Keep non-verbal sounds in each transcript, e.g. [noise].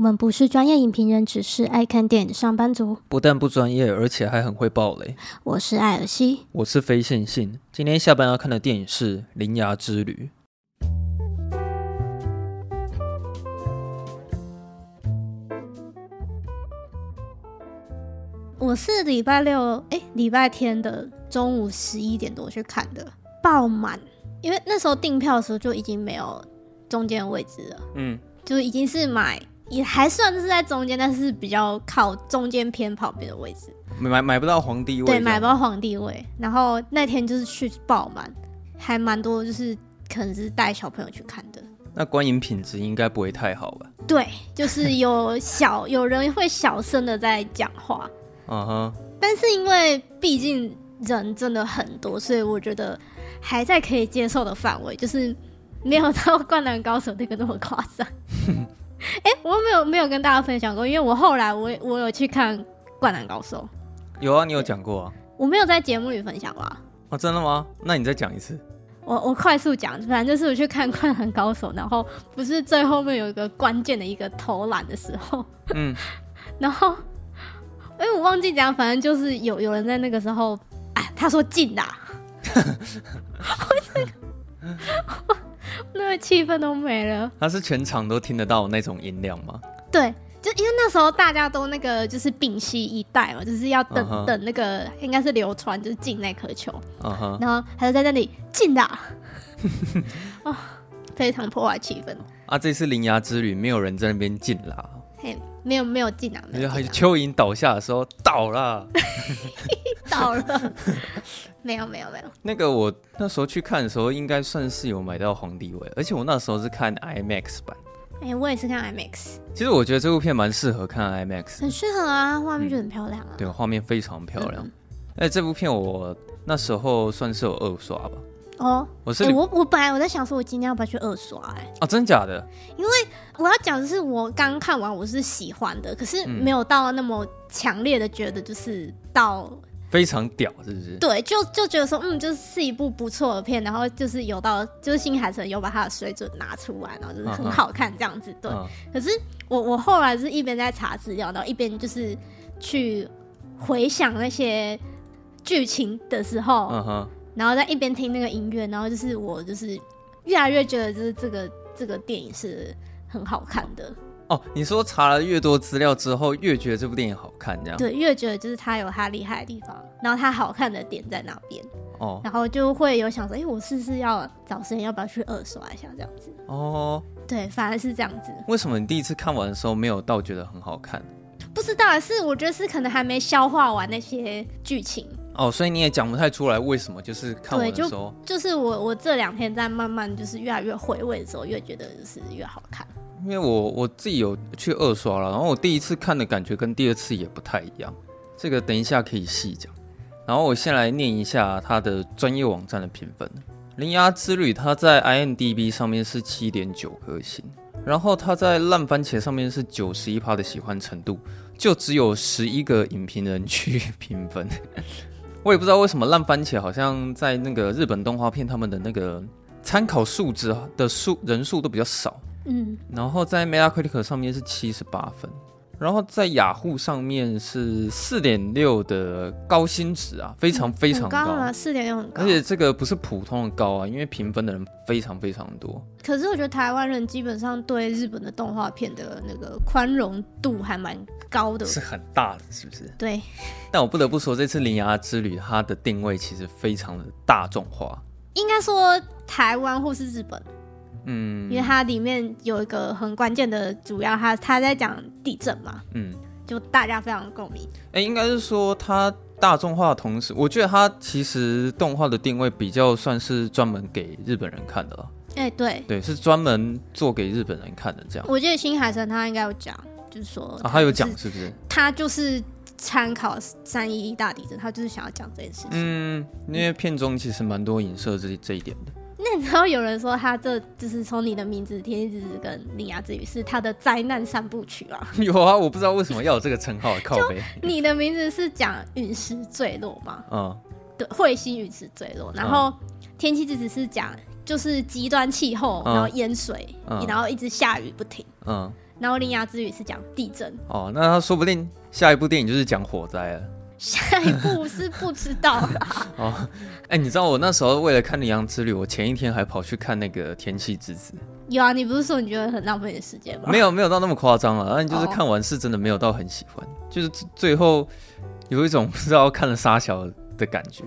我們不是專業影評人，只是愛看電影的上班族。不但不專業，而且還很會爆雷。我是艾爾西，我是非線性。今天下班要看的電影是《鈴芽之旅》。我是禮拜六，哎，禮拜天的中午十一點多去看的，爆滿。因為那時候訂票的時候就已經沒有中間位置了，嗯，就已經是買。也還算是在中間，但是比較靠中間偏旁邊的位置，買買買不到皇帝位。對，買不到皇帝位。然後那天就是去爆滿，還蠻多，就是可能是帶小朋友去看的。那觀影品質應該不會太好吧？對，就是有小 [laughs] 有人會小聲的在講話。嗯哼、uh。Huh. 但是因為畢竟人真的很多，所以我覺得還在可以接受的範圍，就是沒有到《灌籃高手》那個那麼誇張。 [laughs] 哎、欸，我沒有沒有跟大家分享過，因為我後來我我有去看《灌籃高手》，有啊，你有講過啊，我沒有在節目裡分享過啊。啊、哦，真的嗎？那你再講一次。我我快速講，反正就是我去看《灌籃高手》，然後不是最後面有一個關鍵的一個投籃的時候，嗯， [laughs] 然後，因、欸，我忘記講，反正就是有有人在那個時候，哎，他說進的，我這個我。那個氣氛都沒了。他是全場都聽得到那種音量嗎？對，就因為那時候大家都那個就是屏息以待嘛，就是要等，uh huh. 等那個應該是流川就是進那顆球，uh huh. 然後還是在那裡進的， [laughs] 哦，非常破壞氣氛。 [laughs] 啊，這次鈴芽之旅沒有人在那邊進了，嘿，沒有沒有進啊，沒有，了沒有。蚯蚓倒下的時候倒了，倒了。 [laughs] [laughs] 倒了 [laughs] 沒有沒有沒有，那個我那時候去看的時候，應該算是有買到皇帝位，而且我那時候是看 IMAX 版。哎、欸，我也是看 IMAX。其實我覺得這部片蠻適合看 IMAX，很適合啊，畫面就很漂亮啊。嗯、對，畫面非常漂亮。哎、嗯，這部片我那時候算是有二刷吧。哦，我是、欸、我我本來我在想說，我今天要不要去二刷、欸？哎，啊，真假的？因為我要講的是，我剛看完我是喜歡的，可是沒有到那麼強烈的覺得就是到。非常屌，是不是？對，就就覺得說，嗯，就是是一部不錯的片，然後就是有到，就是新海誠有把他的水準拿出來，然後就是很好看這樣子。Uh huh. 對，uh huh. 可是我我後來是一邊在查資料，然後一邊就是去回想那些劇情的時候，uh huh. 然後在一邊聽那個音樂，然後就是我就是越來越覺得，就是這個這個電影是很好看的。哦，你說查了越多資料之後，越覺得這部電影好看，這樣？對，越覺得就是它有它厲害的地方，然後它好看的點在那邊哦，然後就會有想說，哎，我試不試要找時間，要不要去二刷一下這樣子哦，對，反而是這樣子。為什麼你第一次看完的時候沒有到覺得很好看？不知道，是我覺得是可能還沒消化完那些劇情哦，所以你也講不太出來為什麼，就是看完的時候，就，就是我我這兩天在慢慢就是越來越回味的時候，越覺得就是越好看。因為我我自己有去二刷了，然後我第一次看的感覺跟第二次也不太一樣，這個等一下可以細講。然後我先來念一下它的專業網站的評分，《鈴芽之旅》它在 IMDB 上面是七點九顆星，然後它在爛番茄上面是九十一趴的喜歡程度，就只有十一個影評人去評分。我也不知道為什麼爛番茄好像在那個日本動畫片他們的那個參考數值的數人數都比較少。嗯，然後在 Metacritic 上面是七十八分，然後在雅虎、ah、上面是四點六的高薪值啊，非常非常高，四點六很高，而且這個不是普通的高啊，因為評分的人非常非常多。可是我覺得台灣人基本上對日本的動畫片的那個寬容度還蠻高的，是很大的，是不是？對，但我不得不說，這次鈴芽之旅它的定位其實非常的大眾化，應該說台灣或是日本。嗯，因為它裡面有一個很關鍵的主要，他他在講地震嘛，嗯，就大家非常的共鳴。哎、欸，應該是說他大眾化的同時，我覺得他其實動畫的定位比較算是專門給日本人看的了。哎、欸，對，對，是專門做給日本人看的這樣。我記得新海誠他應該有講，就是說、就是、啊，他有講是不是？他就是參考三一一大地震，他就是想要講這件事情。嗯，因為片中其實蠻多影射這這一點的。那你知道有人說他這就是從你的名字、天氣之子跟鈴芽之旅是他的災難三部曲啊？有啊，我不知道為什麼要有這個稱號， [laughs] 靠背北。你的名字是講隕石墜落嗎？嗯，對，彗星隕石墜落，然後天氣之子是講就是極端氣候，嗯、然後淹水，嗯、然後一直下雨不停，嗯，然後鈴芽之旅是講地震。哦，那他說不定下一部電影就是講火災了。 [laughs] 下一步是不知道的。 [laughs] 哦，哎、欸，你知道我那時候為了看《鈴芽之旅》，我前一天還跑去看那個《天氣之子》。有啊，你不是說你覺得很浪費時間嗎？沒有，沒有到那麼誇張啊。然後就是看完是真的沒有到很喜歡，哦、就是最後有一種不知道看了啥小的感覺。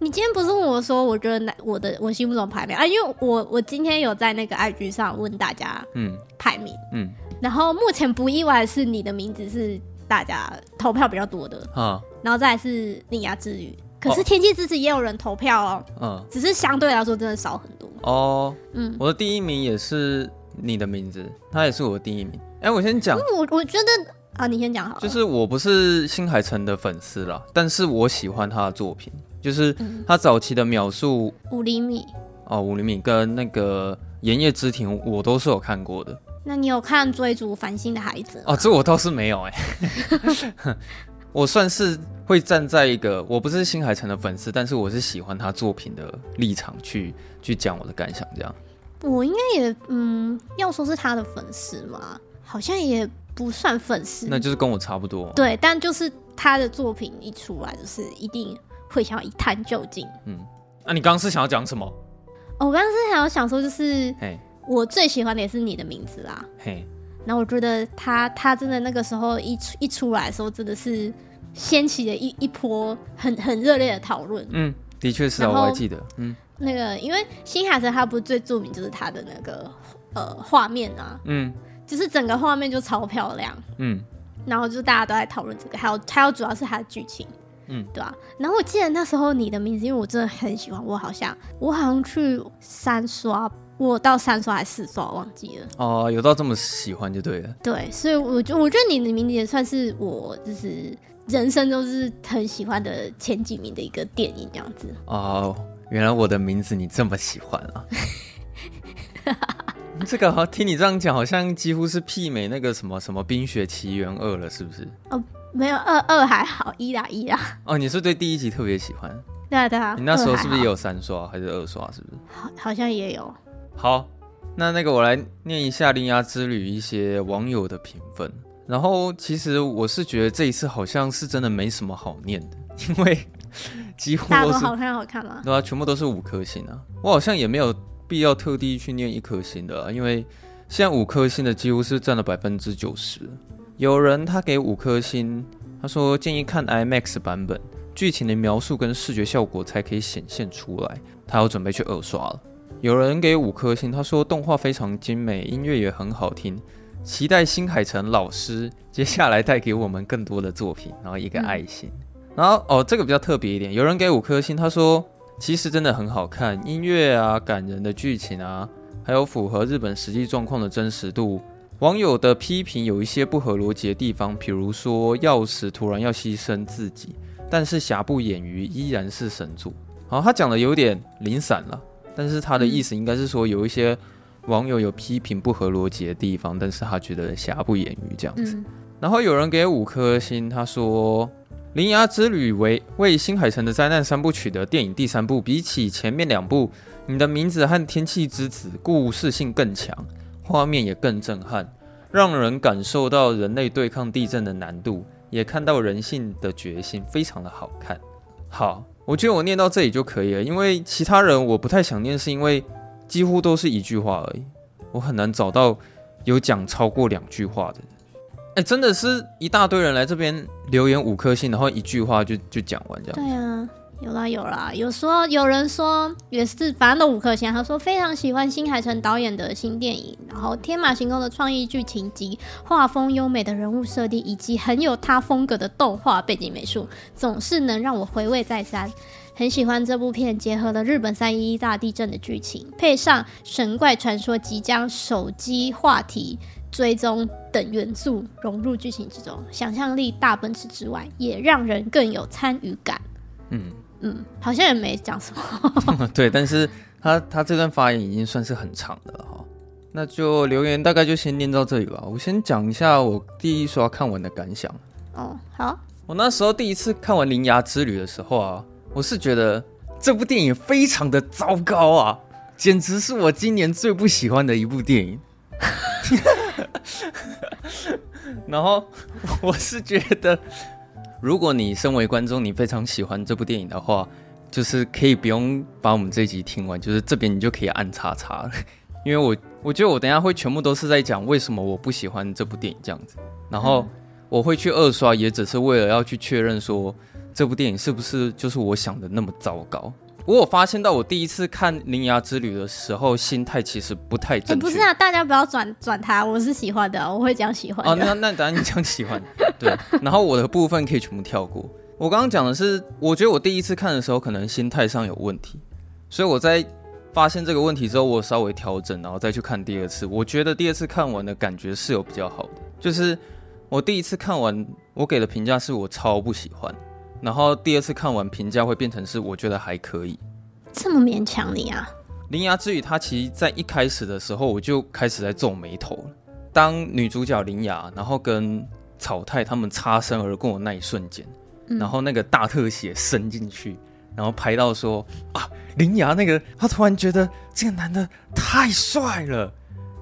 你今天不是問我說，我覺得那我的我心目中排名啊？因為我我今天有在那個 IG 上問大家嗯，嗯，排名，嗯，然後目前不意外是你的名字是。大家投票比較多的，哈然後再來是鈴芽之旅，可是天氣之子也有人投票哦，嗯，只是相對來說真的少很多哦。嗯，我的第一名也是你的名字，他也是我的第一名。哎，我先講，嗯、我我覺得啊，你先講好了。就是我不是新海誠的粉絲啦，但是我喜歡他的作品，就是他早期的秒速五厘米哦，五厘米跟那個《言葉之庭》，我都是有看過的。那你有看《追逐繁星的孩子》哦？這我倒是沒有哎、欸， [laughs] [laughs] 我算是會站在一個，我不是新海誠的粉絲，但是我是喜歡他作品的立場去去講我的感想，這樣。我應該也嗯，要說是他的粉絲嘛，好像也不算粉絲。那就是跟我差不多。對，但就是他的作品一出來，就是一定會想要一探究竟。嗯，那、啊、你剛剛是想要講什麼？哦，我剛剛是想要想說，就是哎。我最喜歡的也是你的名字啦，嘿，那我覺得他他真的那個時候一出一出來的時候，真的是掀起了一一波很很熱烈的討論。嗯，的確是啊，後我還記得，嗯，那個因為新海誠它不是最著名，就是它的那個呃畫面啊，嗯，就是整個畫面就超漂亮，嗯，然後就大家都在討論這個，還有還有主要是它的劇情，嗯，對啊，然後我記得那時候你的名字，因為我真的很喜歡，我好像我好像去三刷。我到三刷還是四刷，我忘記了。哦，有到這麼喜歡就對了。對，所以我覺得，我覺得你的名字也算是我就是人生中是很喜歡的前幾名的一個電影這樣子。哦，原來我的名字你這麼喜歡啊！ [laughs] 這個好，聽你這樣講，好像幾乎是媲美那個什麼什麼《冰雪奇緣二》了，是不是？哦，沒有二二還好，一打一啊。哦，你是對第一集特別喜歡？對啊對啊。你那時候是不是也有三刷還，還是二刷？是不是？好，好像也有。好，那那個我來念一下《鈴芽之旅》一些網友的評分。然後其實我是覺得這一次好像是真的沒什麼好念的，因為幾乎都是，大都好看好看了。對啊，全部都是五顆星啊。我好像也沒有必要特地去念一顆星的，因為現在五顆星的幾乎是占了百分之九十。有人他給五顆星，他說建議看 IMAX 版本，劇情的描述跟視覺效果才可以顯現出來。他要準備去二刷了。有人給五顆星，他說動畫非常精美，音樂也很好聽，期待新海誠老師接下來帶給我們更多的作品。然後一個愛心。嗯、然後哦，這個比較特別一點，有人給五顆星，他說其實真的很好看，音樂啊、感人的劇情啊，還有符合日本實際狀況的真實度。網友的批評有一些不合邏輯的地方，比如說要石突然要犧牲自己，但是瑕不掩瑜，依然是神作。好，他講的有點零散了。但是他的意思應該是說，有一些網友有批評不合邏輯的地方，但是他覺得瑕不掩瑜這樣子。嗯、然後有人給五顆星，他說《鈴芽之旅》為為新海誠的災難三部曲的電影第三部，比起前面兩部，《你的名字》和《天氣之子》，故事性更強，畫面也更震撼，讓人感受到人類對抗地震的難度，也看到人性的決心，非常的好看。好。我覺得我念到這裡就可以了，因為其他人我不太想念，是因為幾乎都是一句話而已，我很難找到有講超過兩句話的。欸，真的是一大堆人來這邊留言五顆星，然後一句話就就講完這樣。對啊。有啦，有啦。有說有人說也是，反正都五顆星。他說非常喜歡新海誠導演的新電影，然後天馬行空的創意劇情及畫風優美的人物設定，以及很有他風格的動畫背景美術，總是能讓我回味再三。很喜歡這部片，結合了日本三一一大地震的劇情，配上神怪傳說、即將手機話題追蹤等元素融入劇情之中，想象力大奔馳之外，也讓人更有參與感。嗯。嗯，好像也沒講什麼。 [laughs] [laughs] 對，但是他他這段發言已經算是很長的了哈。那就留言大概就先念到這裡吧。我先講一下我第一刷看完的感想。哦，好。我那時候第一次看完《鈴芽之旅》的時候啊，我是覺得這部電影非常的糟糕啊，簡直是我今年最不喜歡的一部電影。 [laughs] 然後我是覺得。如果你身為觀眾，你非常喜歡這部電影的話，就是可以不用把我們這一集聽完，就是這邊你就可以按叉叉了， [laughs] 因為我我覺得我等下會全部都是在講為什麼我不喜歡這部電影這樣子，然後我會去二刷，也只是為了要去確認說這部電影是不是就是我想的那麼糟糕。我發現到我第一次看《鈴芽之旅》的時候，心態其實不太正確、欸。不是啊，大家不要轉轉它，我是喜歡的，我會講喜、啊、喜歡。哦，那那當然你講喜歡，對。然後我的部分可以全部跳過。我剛剛講的是，我覺得我第一次看的時候可能心態上有問題，所以我在發現這個問題之後，我稍微調整，然後再去看第二次。我覺得第二次看完的感覺是有比較好的，就是我第一次看完我給的評價是我超不喜歡。然後第二次看完評價會變成是我覺得還可以，這麼勉強你啊！《鈴芽之旅》它其實在一開始的時候我就開始在皺眉頭。當女主角鈴芽然後跟草太他們擦身而過的那一瞬間，嗯、然後那個大特寫伸進去，然後拍到說啊，鈴芽那個她突然覺得這個男的太帥了，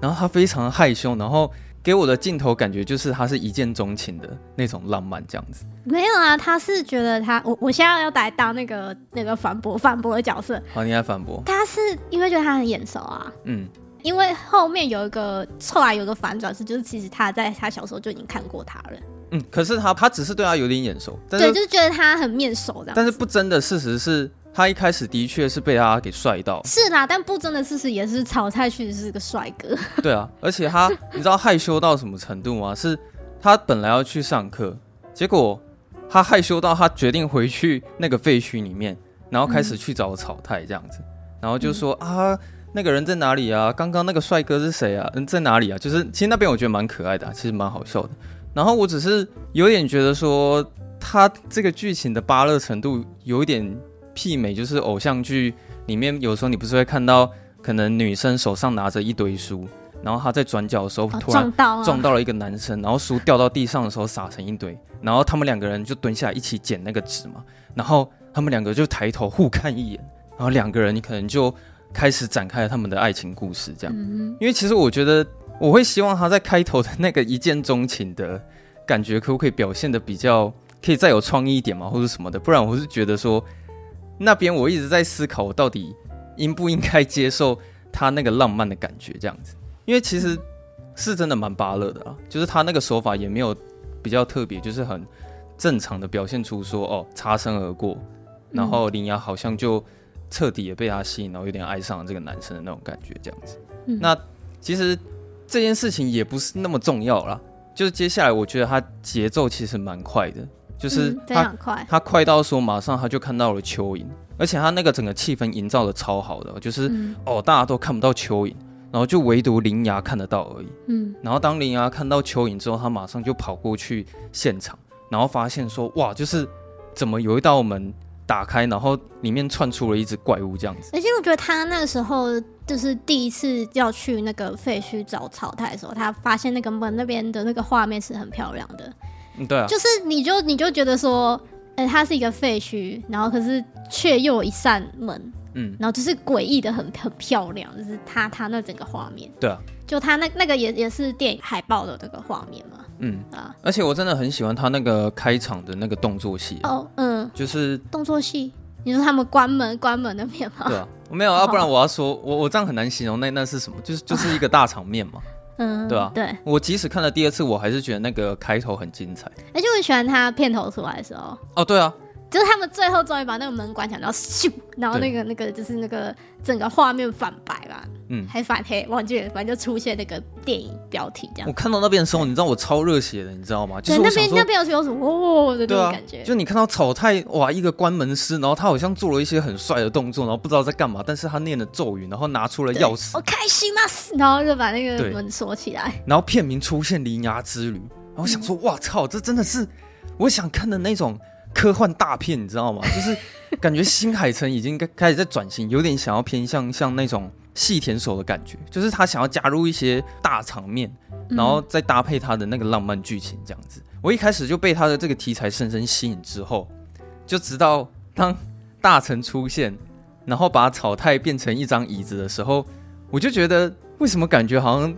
然後她非常害羞，然後。給我的鏡頭感覺就是他是一見鍾情的那種浪漫，這樣子。沒有啊，他是覺得他，我我現在要來當那個那個反駁反駁的角色。好、啊，你來反駁？他是因為覺得他很眼熟啊。嗯，因為後面有一個後來有個反轉是，就是其實他在他小時候就已經看過他了。嗯，可是他他只是對他有點眼熟，對，就是覺得他很面熟這樣。但是不爭的事實是，他一開始的確是被他給帥到，是啦、啊，但不爭的事實也是，草太確實是個帥哥。對啊，而且他，你知道害羞到什麼程度嗎？ [laughs] 是，他本來要去上課，結果他害羞到他決定回去那個廢墟裡面，然後開始去找草太這樣子，嗯、然後就說、嗯、啊，那個人在哪裡啊？剛剛那個帥哥是誰啊？嗯，在哪裡啊？就是其實那邊我覺得蠻可愛的、啊，其實蠻好笑的。然後我只是有點覺得說，他這個劇情的芭樂程度有一點。媲美就是偶像劇裡面，有時候你不是會看到，可能女生手上拿着一堆書，然後她在轉角的時候突然撞到了一個男生，然後書掉到地上的時候撒成一堆，然後他們兩個人就蹲下一起撿那個紙嘛，然後他們兩個就抬頭互看一眼，然後兩個人你可能就開始展開了他們的愛情故事這樣，嗯、因為其實我覺得我會希望他在開頭的那個一見鍾情的感覺，可不可以表現得比較可以再有創意一點嘛，或者什麼的，不然我是覺得說。那邊我一直在思考，我到底應不應該接受他那個浪漫的感覺這樣子，因為其實是真的蠻芭樂的啊，就是他那個手法也沒有比較特別，就是很正常的表現出說哦，擦身而過，然後鈴芽好像就徹底也被他吸引，然後有點愛上了這個男生的那種感覺這樣子。那其實這件事情也不是那麼重要啦，就是接下來我覺得他節奏其實蠻快的。就是他、嗯、快他快到時候，馬上他就看到了蚯蚓，而且他那個整個氣氛營造的超好的，就是、嗯、哦，大家都看不到蚯蚓，然後就唯獨鈴芽看得到而已。嗯，然後當鈴芽看到蚯蚓之後，他馬上就跑過去現場，然後發現說哇，就是怎麼有一道門打開，然後裡面竄出了一只怪物這樣子。而且我覺得他那個時候就是第一次要去那個廢墟找草太的時候，他發現那個門那邊的那個畫面是很漂亮的。嗯，對啊，就是你就你就覺得說，哎、欸，它是一個廢墟，然後可是卻又有一扇門，嗯，然後就是詭異的很很漂亮，就是它它那整個畫面，對啊，就它那那個也也是電影海報的這個畫面嘛，嗯啊，而且我真的很喜歡它那個開場的那個動作戲、啊，哦，嗯，就是動作戲，你說他們關門關門那邊嗎？對啊，沒有啊，不然我要說，哦、我我這樣很難形容那那是什麼，就是就是一個大場面嘛。啊嗯，對啊，對，我即使看了第二次，我還是覺得那個開頭很精彩，哎，就是喜歡他片頭出來的時候。哦，對啊。就是他們最後終於把那個門關起來，然後咻，然後那個那個就是那個整個畫面反白吧，嗯，還反黑，忘記了，反正就出現那個電影標題這樣。我看到那邊的時候，你知道我超熱血的，你知道嗎？就是那邊那邊有什麼什麼哦的這種感覺。就你看到草太哇一個關門師，然後他好像做了一些很帥的動作，然後不知道在幹嘛，但是他念了咒語，然後拿出了鑰匙。我開心嗎？然後就把那個門鎖起來。然後片名出現《鈴芽之旅》，然後想說，哇，操，這真的是我想看的那種。科幻大片，你知道嗎？就是感覺新海誠已經開開始在轉型， [laughs] 有點想要偏向像那種細田守的感覺，就是他想要加入一些大場面，然後再搭配他的那個浪漫劇情這樣子。嗯、我一開始就被他的這個題材深深吸引，之後，就直到當大臣出現，然後把草太變成一張椅子的時候，我就覺得為什麼感覺好像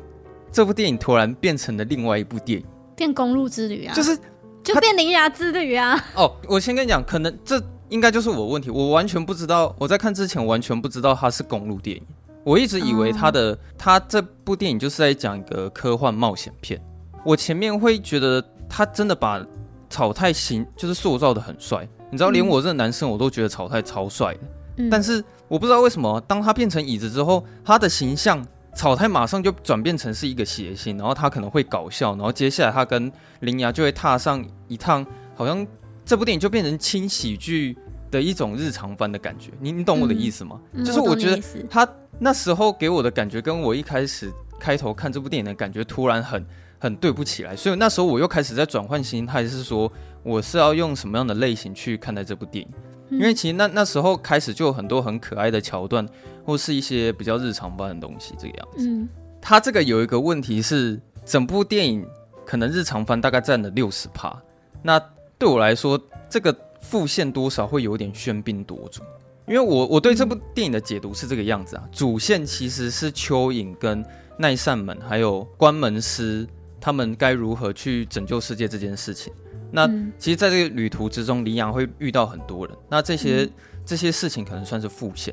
這部電影突然變成了另外一部電影，變公路之旅啊，就是。就變《鈴芽之旅》啊！哦，我先跟你講，可能這應該就是我的問題，我完全不知道，我在看之前完全不知道它是公路電影，我一直以為他的他這部電影就是在講一個科幻冒險片。我前面會覺得他真的把草太形就是塑造得很帥，你知道，連我這個男生我都覺得草太超帥的。但是我不知道為什麼，當他變成椅子之後，他的形象。草太馬上就轉變成是一個諧星，然後他可能會搞笑，然後接下來他跟鈴芽就會踏上一趟，好像這部電影就變成輕喜劇的一種日常番的感覺。你你懂我的意思嗎？嗯、就是我覺得他那時候給我的感覺，跟我一開始開頭看這部電影的感覺突然很很對不起來，所以那時候我又開始在轉換心態，是說我是要用什麼樣的類型去看待這部電影。因為其實那那時候開始就有很多很可愛的橋段，或是一些比較日常番的東西，這個樣子。嗯，他它這個有一個問題是，整部電影可能日常番大概占了六十趴。那對我來說，這個副線多少會有點喧賓奪主，因為我我對這部電影的解讀是這個樣子啊，主線其實是蚯蚓跟那扇門，還有關門師他們該如何去拯救世界這件事情。那其實，在這個旅途之中，鈴芽會遇到很多人。那這些、嗯、這些事情可能算是副線。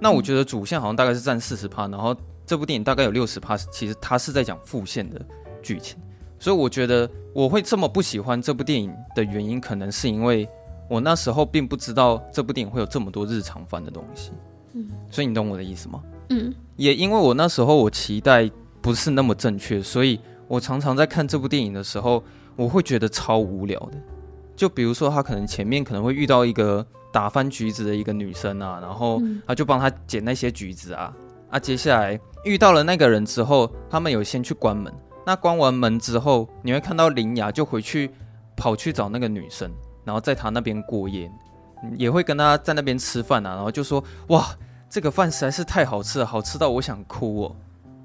那我覺得主線好像大概是占四十趴，嗯、然後這部電影大概有六十趴，其實它是在講副線的劇情。所以我覺得我會這麼不喜歡這部電影的原因，可能是因為我那時候並不知道這部電影會有這麼多日常番的東西。嗯，所以你懂我的意思嗎？嗯。也因為我那時候我期待不是那麼正確，所以我常常在看這部電影的時候。我會覺得超無聊的，就比如說他可能前面可能會遇到一個打翻橘子的一個女生啊，然後他就幫他撿那些橘子啊，啊接下來遇到了那個人之後，他們有先去關門，那關完門之後，你會看到鈴芽就回去跑去找那個女生，然後在她那邊過夜，也會跟她在那邊吃飯啊，然後就說哇這個飯實在是太好吃了，好吃到我想哭哦，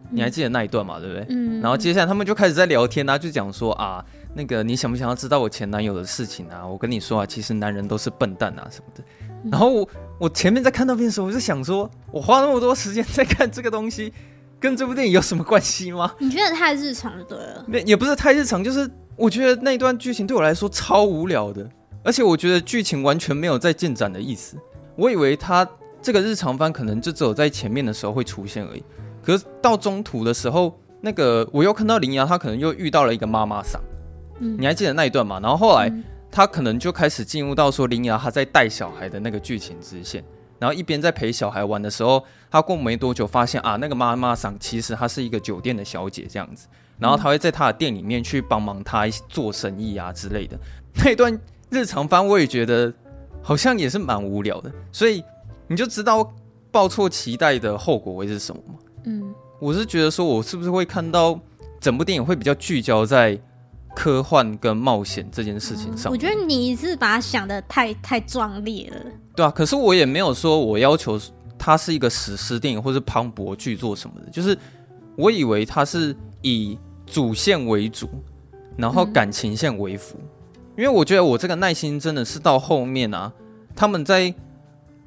你還記得那一段嘛，對不對？然後接下來他們就開始在聊天啊，就講說啊。那個你想不想要知道我前男友的事情啊？我跟你說啊，其實男人都是笨蛋啊什麼的。然後我我前面在看那邊的時候，我就想說，我花那麼多時間在看這個東西，跟這部電影有什麼關係嗎？你覺得太日常就對了，也不是太日常，就是我覺得那一段劇情對我來說超無聊的，而且我覺得劇情完全沒有在進展的意思。我以為他這個日常番可能就只有在前面的時候會出現而已，可是到中途的時候，那個我又看到鈴芽，他可能又遇到了一個媽媽桑。你還記得那一段嗎？然後後來、嗯、他可能就開始進入到說鈴芽他在帶小孩的那個劇情支線，然後一邊在陪小孩玩的時候，他過沒多久發現啊，那個媽媽桑其實她是一個酒店的小姐這樣子，然後他會在他的店裡面去幫忙他做生意啊之類的。嗯、那一段日常番我也覺得好像也是蠻無聊的，所以你就知道抱錯期待的後果會是什麼嗎？嗯，我是覺得說，我是不是會看到整部電影會比較聚焦在。科幻跟冒險這件事情上，嗯，我覺得你是把它想的太太壯烈了。對啊，可是我也沒有說我要求它是一個史詩電影或是磅礴巨作什麼的，就是我以為它是以主線為主，然後感情線為輔。嗯、因為我覺得我這個耐心真的是到後面啊，他們在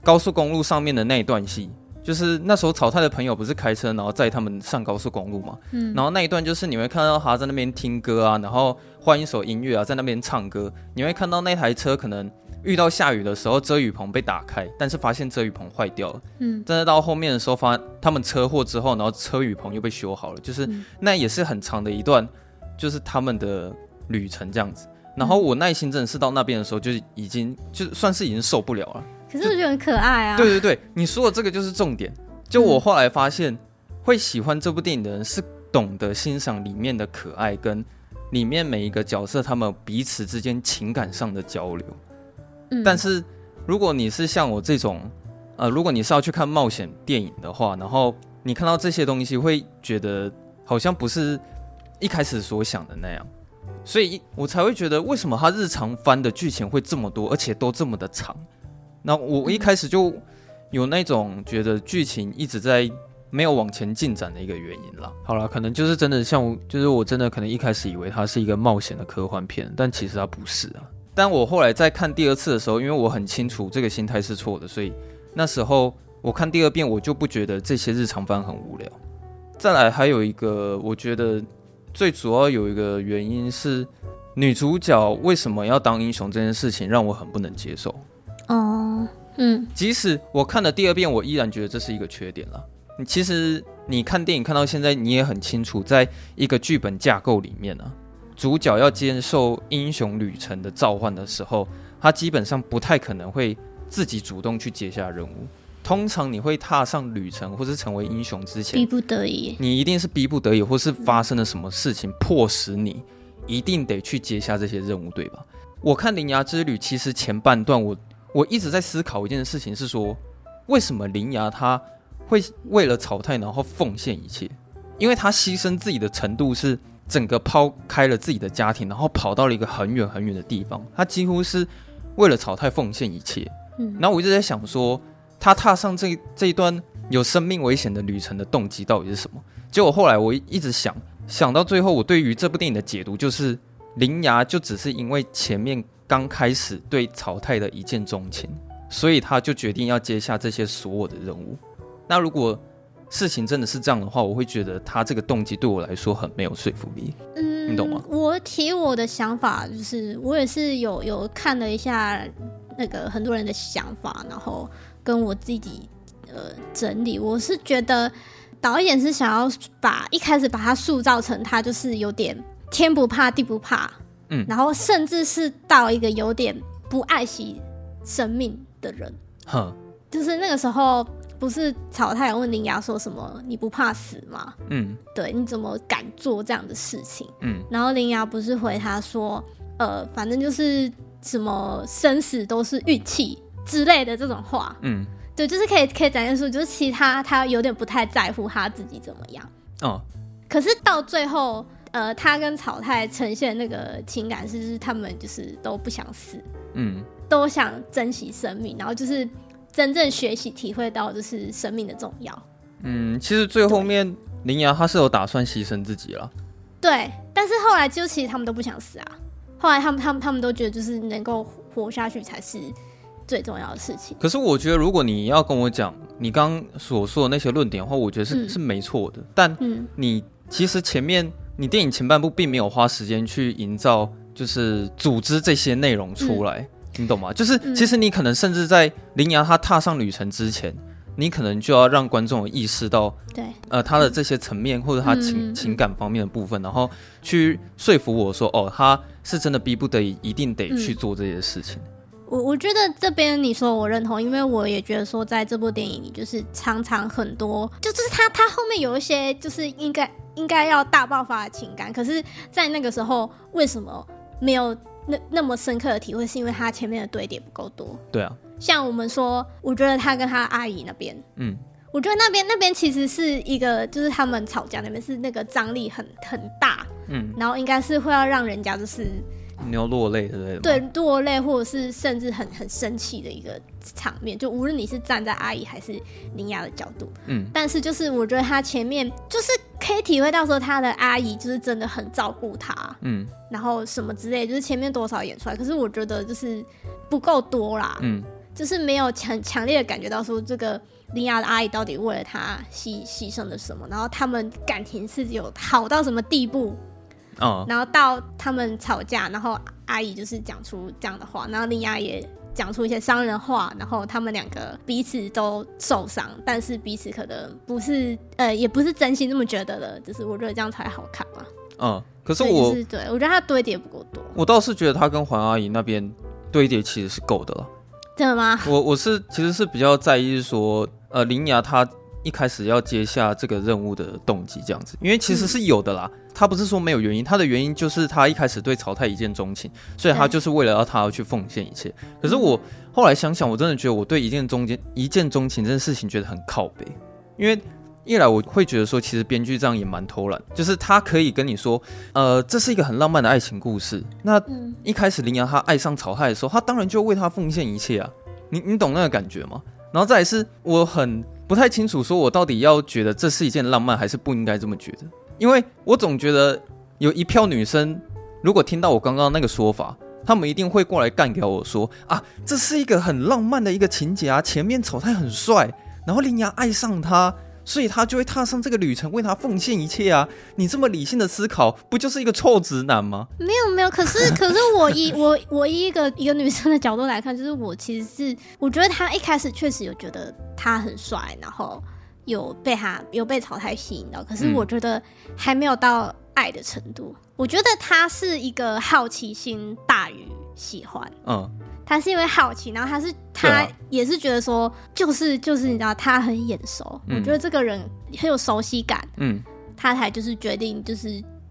高速公路上面的那一段戲。就是那時候草太的朋友不是開車，然後載他們上高速公路嘛。嗯，然後那一段就是你會看到他在那邊聽歌啊，然後換一首音樂啊，在那邊唱歌。你會看到那台車可能遇到下雨的時候遮雨棚被打開，但是發現遮雨棚壞掉了。嗯，但是到後面的時候發他們車禍之後，然後遮雨棚又被修好了。就是那也是很長的一段，就是他們的旅程這樣子。然後我耐心真的是到那邊的時候，就已經就算是已經受不了了。可是我覺得很可愛啊！對對對，你說的這個就是重點。就我後來發現，會喜歡這部電影的人是懂得欣賞裡面的可愛，跟裡面每一個角色他們彼此之間情感上的交流。嗯，但是如果你是像我這種，呃，如果你是要去看冒險電影的話，然後你看到這些東西會覺得好像不是一開始所想的那樣，所以我才會覺得為什麼他日常番的劇情會這麼多，而且都這麼的長。那我一開始就有那種覺得劇情一直在沒有往前進展的一個原因啦。好啦，可能就是真的像，就是我真的可能一開始以為它是一個冒險的科幻片，但其實它不是啊。但我後來在看第二次的時候，因為我很清楚這個心態是錯的，所以那時候我看第二遍，我就不覺得這些日常番很無聊。再來還有一個，我覺得最主要有一個原因是女主角為什麼要當英雄這件事情，讓我很不能接受。哦，oh, 嗯，即使我看了第二遍，我依然覺得這是一個缺點了。你其實你看電影看到現在，你也很清楚，在一個劇本架構裡面呢、啊，主角要接受英雄旅程的召喚的時候，他基本上不太可能會自己主動去接下任務。通常你會踏上旅程或是成為英雄之前，逼不得已，你一定是逼不得已，或是發生了什麼事情、嗯、迫使你一定得去接下這些任務，對吧？我看《鈴芽之旅》其實前半段我。我一直在思考一件事情，是說為什麼鈴芽他會為了草太然後奉獻一切？因為他犧牲自己的程度是整個拋開了自己的家庭，然後跑到了一個很遠很遠的地方，他幾乎是為了草太奉獻一切。嗯，然後我一直在想說，他踏上這這一段有生命危險的旅程的動機到底是什麼？結果後來我一直想，想到最後，我對於這部電影的解讀就是，鈴芽就只是因為前面。剛開始對草太的一見鍾情，所以他就決定要接下這些所有的任務。那如果事情真的是這樣的話，我會覺得他這個動機對我來說很沒有說服力。嗯，你懂嗎、嗯？我提我的想法，就是我也是有有看了一下那個很多人的想法，然後跟我自己呃整理，我是覺得導演是想要把一開始把他塑造成他就是有點天不怕地不怕。嗯、然後甚至是到一個有點不愛惜生命的人，哼呵，就是那個時候不是草太問鈴芽說什麼“你不怕死嗎？”嗯，對，你怎麼敢做這樣的事情？嗯，然後鈴芽不是回他說：“呃，反正就是什麼生死都是運氣之類的這種話。”嗯，對，就，就是可以可以展現出就是其他他有點不太在乎他自己怎麼樣。哦，可是到最後。呃，他跟草太呈現那個情感，是不是他們就是都不想死，嗯，都想珍惜生命，然後就是真正學習體會到就是生命的重要。嗯，其實最後面對鈴芽他是有打算犧牲自己了，對，但是後來就其實他們都不想死啊，後來他們他們他們都覺得就是能夠活下去才是最重要的事情。可是我覺得如果你要跟我講你剛剛所說的那些論點的話，我覺得是、嗯、是沒錯的，但嗯，你其實前面。你電影前半部並沒有花時間去營造，就是組織這些內容出來，嗯、你懂嗎？就是其實你可能甚至在鈴芽他踏上旅程之前，你可能就要讓觀眾意識到，對，呃，他的這些層面、嗯、或者他情、嗯、情感方面的部分，然後去說服我說，哦，他是真的逼不得已，一定得去做這些事情。嗯我我覺得這邊你說我認同，因為我也覺得說在這部電影裡，就是常常很多，就就是他他後面有一些就是應該應該要大爆發的情感，可是，在那個時候為什麼沒有那那麼深刻的體會？是因為他前面的堆疊不夠多。對啊，像我們說，我覺得他跟他阿姨那邊，嗯，我覺得那邊那邊其實是一個，就是他們吵架那邊是那個張力很很大，嗯，然後應該是會要讓人家就是。你要落淚之類的對，落淚或者是甚至很很生氣的一個場面，就無論你是站在阿姨還是鈴芽的角度，嗯，但是就是我覺得他前面就是可以體會到說他的阿姨就是真的很照顧他，嗯，然後什麼之類，就是前面多少演出來，可是我覺得就是不夠多啦，嗯，就是沒有強強烈的感覺到說這個鈴芽的阿姨到底為了他犧犧牲了什麼，然後他們感情是有好到什麼地步。嗯，然後到他們吵架，然後阿姨就是講出這樣的話，然後鈴芽也講出一些傷人話，然後他們兩個彼此都受傷，但是彼此可能不是呃，也不是真心這麼覺得的，就是我覺得這樣才好看嘛。嗯，可是我是對我覺得他堆疊不夠多。我倒是覺得他跟黃阿姨那邊堆疊其實是夠的了。真的嗎？我我是其實是比較在意說呃鈴芽她。一開始要接下這個任務的動機這樣子，因為其實是有的啦。他不是說沒有原因，他的原因就是他一開始對草太一見鍾情，所以他就是為了要他要去奉獻一切。可是我後來想想，我真的覺得我對一見鍾情、一見鍾情這件事情覺得很靠北，因為一來我會覺得說，其實編劇這樣也蠻偷懶，就是他可以跟你說，呃，這是一個很浪漫的愛情故事。那一開始鈴芽他愛上草太的時候，他當然就為他奉獻一切啊。你你懂那個感覺嗎？然後再來是，我很。不太清楚，說我到底要覺得這是一件浪漫，還是不應該這麼覺得？因為我總覺得有一票女生，如果聽到我剛剛那個說法，她們一定會過來幹掉我說啊，這是一個很浪漫的一個情節啊，前面草太很帥，然後鈴芽愛上他。所以他就會踏上這個旅程，為他奉獻一切啊！你這麼理性的思考，不就是一個臭直男嗎？沒有沒有，可是可是我以 [laughs] 我我以一個一個女生的角度來看，就是我其實是我覺得他一開始確實有覺得他很帥，然後有被他有被草太吸引到，可是我覺得還沒有到愛的程度。嗯、我覺得他是一個好奇心大於喜歡，嗯。他是因為好奇，然後他是他也是覺得說，就是就是你知道他很眼熟，嗯，我覺得這個人很有熟悉感，嗯，他才就是決定就是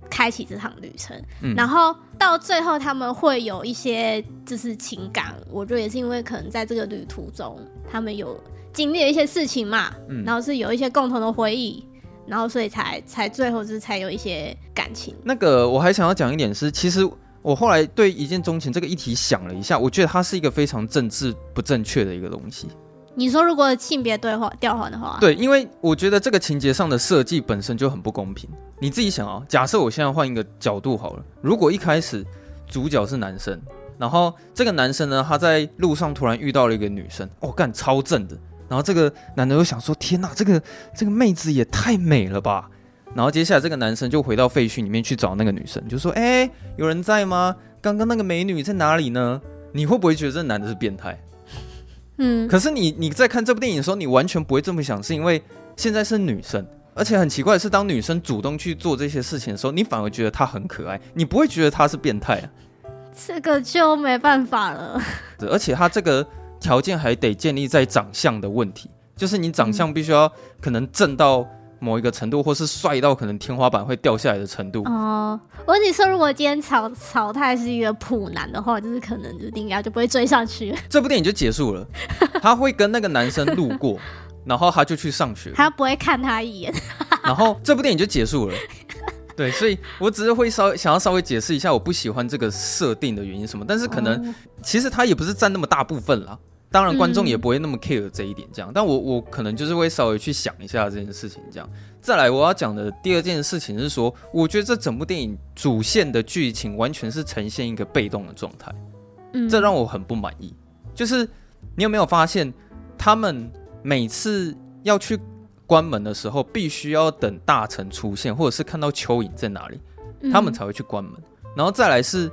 開啟這場旅程，嗯，然後到最後他們會有一些就是情感，我覺得也是因為可能在這個旅途中他們有經歷了一些事情嘛，嗯，然後是有一些共同的回憶，然後所以才才最後就是才有一些感情。那個我還想要講一點是，其實。我後來對一見鍾情這個議題想了一下，我覺得它是一個非常政治不正確的一個東西。你說如果性別對話調換的話，對，因為我覺得這個情節上的設計本身就很不公平。你自己想啊，假設我現在換一個角度好了，如果一開始主角是男生，然後這個男生呢，他在路上突然遇到了一個女生，哦，幹超正的，然後這個男的又想說，天哪，這個這個妹子也太美了吧。然後接下來，這個男生就回到廢墟裡面去找那個女生，就說：“哎，有人在嗎？剛剛那個美女在哪裡呢？你會不會覺得這男的是變態？嗯，可是你你在看這部電影的時候，你完全不會這麼想，是因為現在是女生，而且很奇怪的是，當女生主動去做這些事情的時候，你反而覺得她很可愛，你不會覺得她是變態啊。這個就沒辦法了。而且他這個條件還得建立在長相的問題，就是你長相必須要可能正到，嗯。”某一個程度，或是帥到可能天花板會掉下來的程度。哦，我跟你說，如果今天草草太是一個普男的話，就是可能就應該就不會追上去了，這部電影就結束了。他會跟那個男生路過， [laughs] 然後他就去上學，他不會看他一眼。 [laughs] 然後這部電影就結束了。對，所以我只是會稍想要稍微解釋一下我不喜歡這個設定的原因什麼，但是可能其實他也不是占那麼大部分啦。當然，觀眾也不會那麼 care 這一點，這樣。嗯。但我我可能就是會稍微去想一下這件事情，這樣。再來，我要講的第二件事情是說，我覺得這整部電影主線的劇情完全是呈現一個被動的狀態，嗯。這讓我很不滿意。就是你有沒有發現，他們每次要去關門的時候，必須要等大臣出現，或者是看到蚯蚓在哪裡，他們才會去關門。嗯。然後再來是，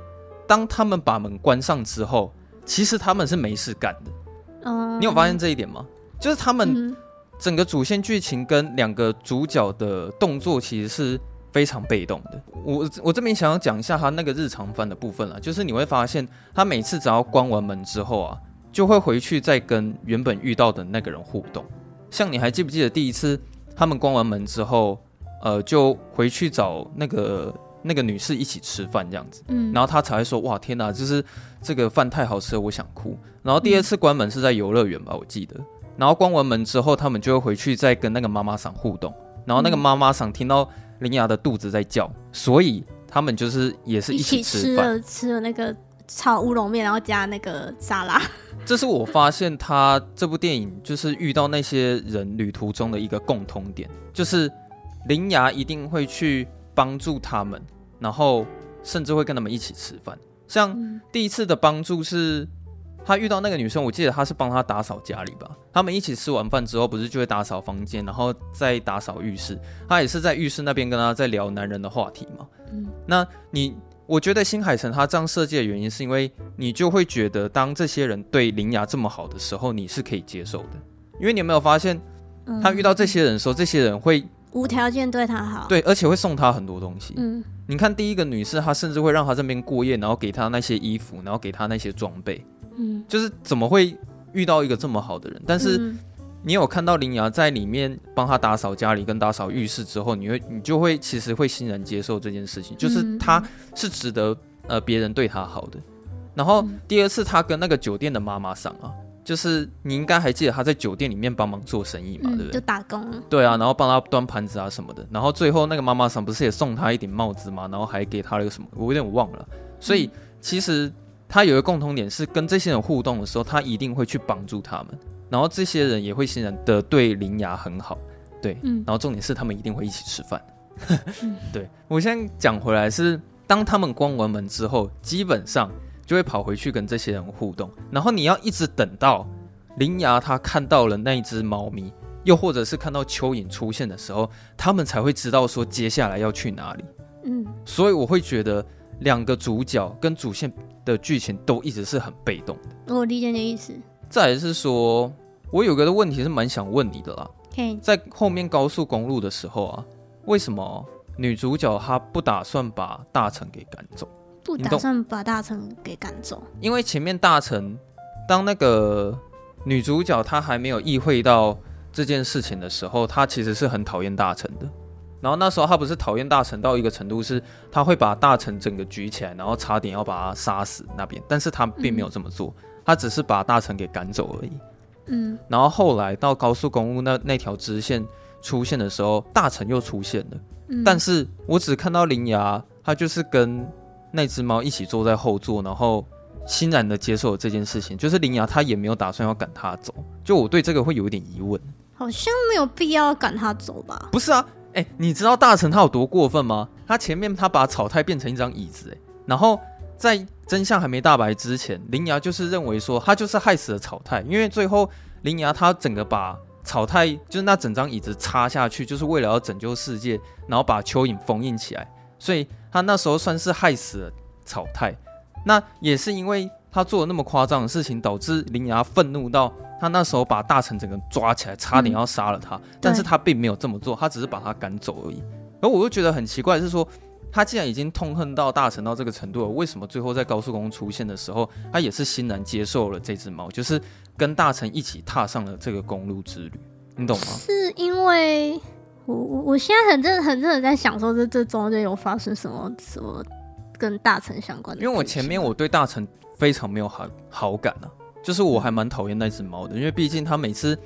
當他們把門關上之後，其實他們是沒事幹的。你有發現這一點嗎？嗯，就是他們整個主線劇情跟兩個主角的動作其實是非常被動的。我。我我這邊想要講一下他那個日常番的部分啊，就是你會發現他每次只要關完門之後啊，就會回去再跟原本遇到的那個人互動。像你還記不記得第一次他們關完門之後，呃，就回去找那個那個女士一起吃飯這樣子，然後他才會說，哇天哪，就是。這個飯太好吃了，我想哭。然後第二次關門是在遊樂園吧，嗯、我記得。然後關完門之後，他們就會回去再跟那個媽媽桑互動。然後那個媽媽桑聽到鈴芽的肚子在叫，所以他們就是也是一起吃飯，吃了，吃了那個炒烏龍麵，然後加那個沙拉。 [laughs] 這是我發現他這部電影就是遇到那些人旅途中的一個共通點，就是鈴芽一定會去幫助他們，然後甚至會跟他們一起吃飯。像第一次的幫助是，他遇到那個女生，我記得他是幫他打掃家裡吧。他們一起吃完飯之後，不是就會打掃房間，然後再打掃浴室。他也是在浴室那邊跟他在聊男人的話題嘛。嗯，那你我覺得新海誠他這樣設計的原因，是因為你就會覺得，當這些人對鈴芽這麼好的時候，你是可以接受的。因為你有沒有發現，他遇到這些人的時候，這些人會。無條件對他好，對，而且會送他很多東西。嗯，你看第一個女士，她甚至會讓她在那邊過夜，然後給她那些衣服，然後給她那些裝備。嗯，就是怎麼會遇到一個這麼好的人？但是你有看到鈴芽在裡面幫她打掃家裡跟打掃浴室之後，你會你就會其實會欣然接受這件事情，就是她是值得、嗯、呃別人對她好的。然後第二次她跟那個酒店的媽媽上啊。就是你應該還記得他在酒店裡面幫忙做生意嘛，對不對？嗯、就打工。對啊，然後幫他端盤子啊什麼的。然後最後那個媽媽桑不是也送他一頂帽子嘛，然後還給他了一個什麼，我有點忘了。所以其實他有一個共同點是，跟這些人互動的時候，他一定會去幫助他們。然後這些人也會欣然的對鈴芽很好，對。嗯、然後重點是他們一定會一起吃飯。 [laughs] 對。我先講回來是，當他們關完門之後，基本上。就會跑回去跟這些人互動，然後你要一直等到鈴芽他看到了那隻貓咪，又或者是看到蚯蚓出現的時候，他們才會知道說接下來要去哪裡。嗯，所以我會覺得兩個主角跟主線的劇情都一直是很被動的。我、哦、理解你的意思。再來是說，我有個問題是蠻想問你的啦。Okay. 在後面高速公路的時候啊，為什麼女主角她不打算把大臣給趕走？不打算把大臣給趕走，你懂，因為前面大臣當那個女主角，她還沒有意會到這件事情的時候，她其實是很討厭大臣的。然後那時候她不是討厭大臣到一個程度，是她會把大臣整個舉起來，然後差點要把他殺死那邊，但是她並沒有這麼做，嗯，她只是把大臣給趕走而已。嗯，然後後來到高速公路那那條支線出現的時候，大臣又出現了，嗯，但是我只看到鈴芽，他就是跟。那隻貓一起坐在後座，然後欣然的接受了這件事情。就是鈴芽，他也沒有打算要趕他走。就我對這個會有一點疑問，好像沒有必要趕他走吧？不是啊，哎、欸，你知道大臣他有多過分嗎？他前面他把草太變成一張椅子，欸，然後在真相還沒大白之前，鈴芽就是認為說他就是害死了草太，因為最後鈴芽他整個把草太就是那整張椅子插下去，就是為了要拯救世界，然後把蚯蚓封印起來，所以。他那時候算是害死了草太，那也是因為他做了那麼誇張的事情，導致鈴芽憤怒到他那時候把大臣整個抓起來，差點要殺了他，嗯、但是他並沒有這麼做，他只是把他趕走而已。而我又覺得很奇怪的是說，他既然已經痛恨到大臣到這個程度了，為什麼最後在高速公路出現的時候，他也是欣然接受了這隻貓，就是跟大臣一起踏上了這個公路之旅？你懂嗎？是因為。我我我現在很正很認真在想說，這這中間有發生什麼什麼跟大臣相關的事？因為我前面我對大臣非常沒有好好感啊，就是我還蠻討厭那隻貓的，因為畢竟它每次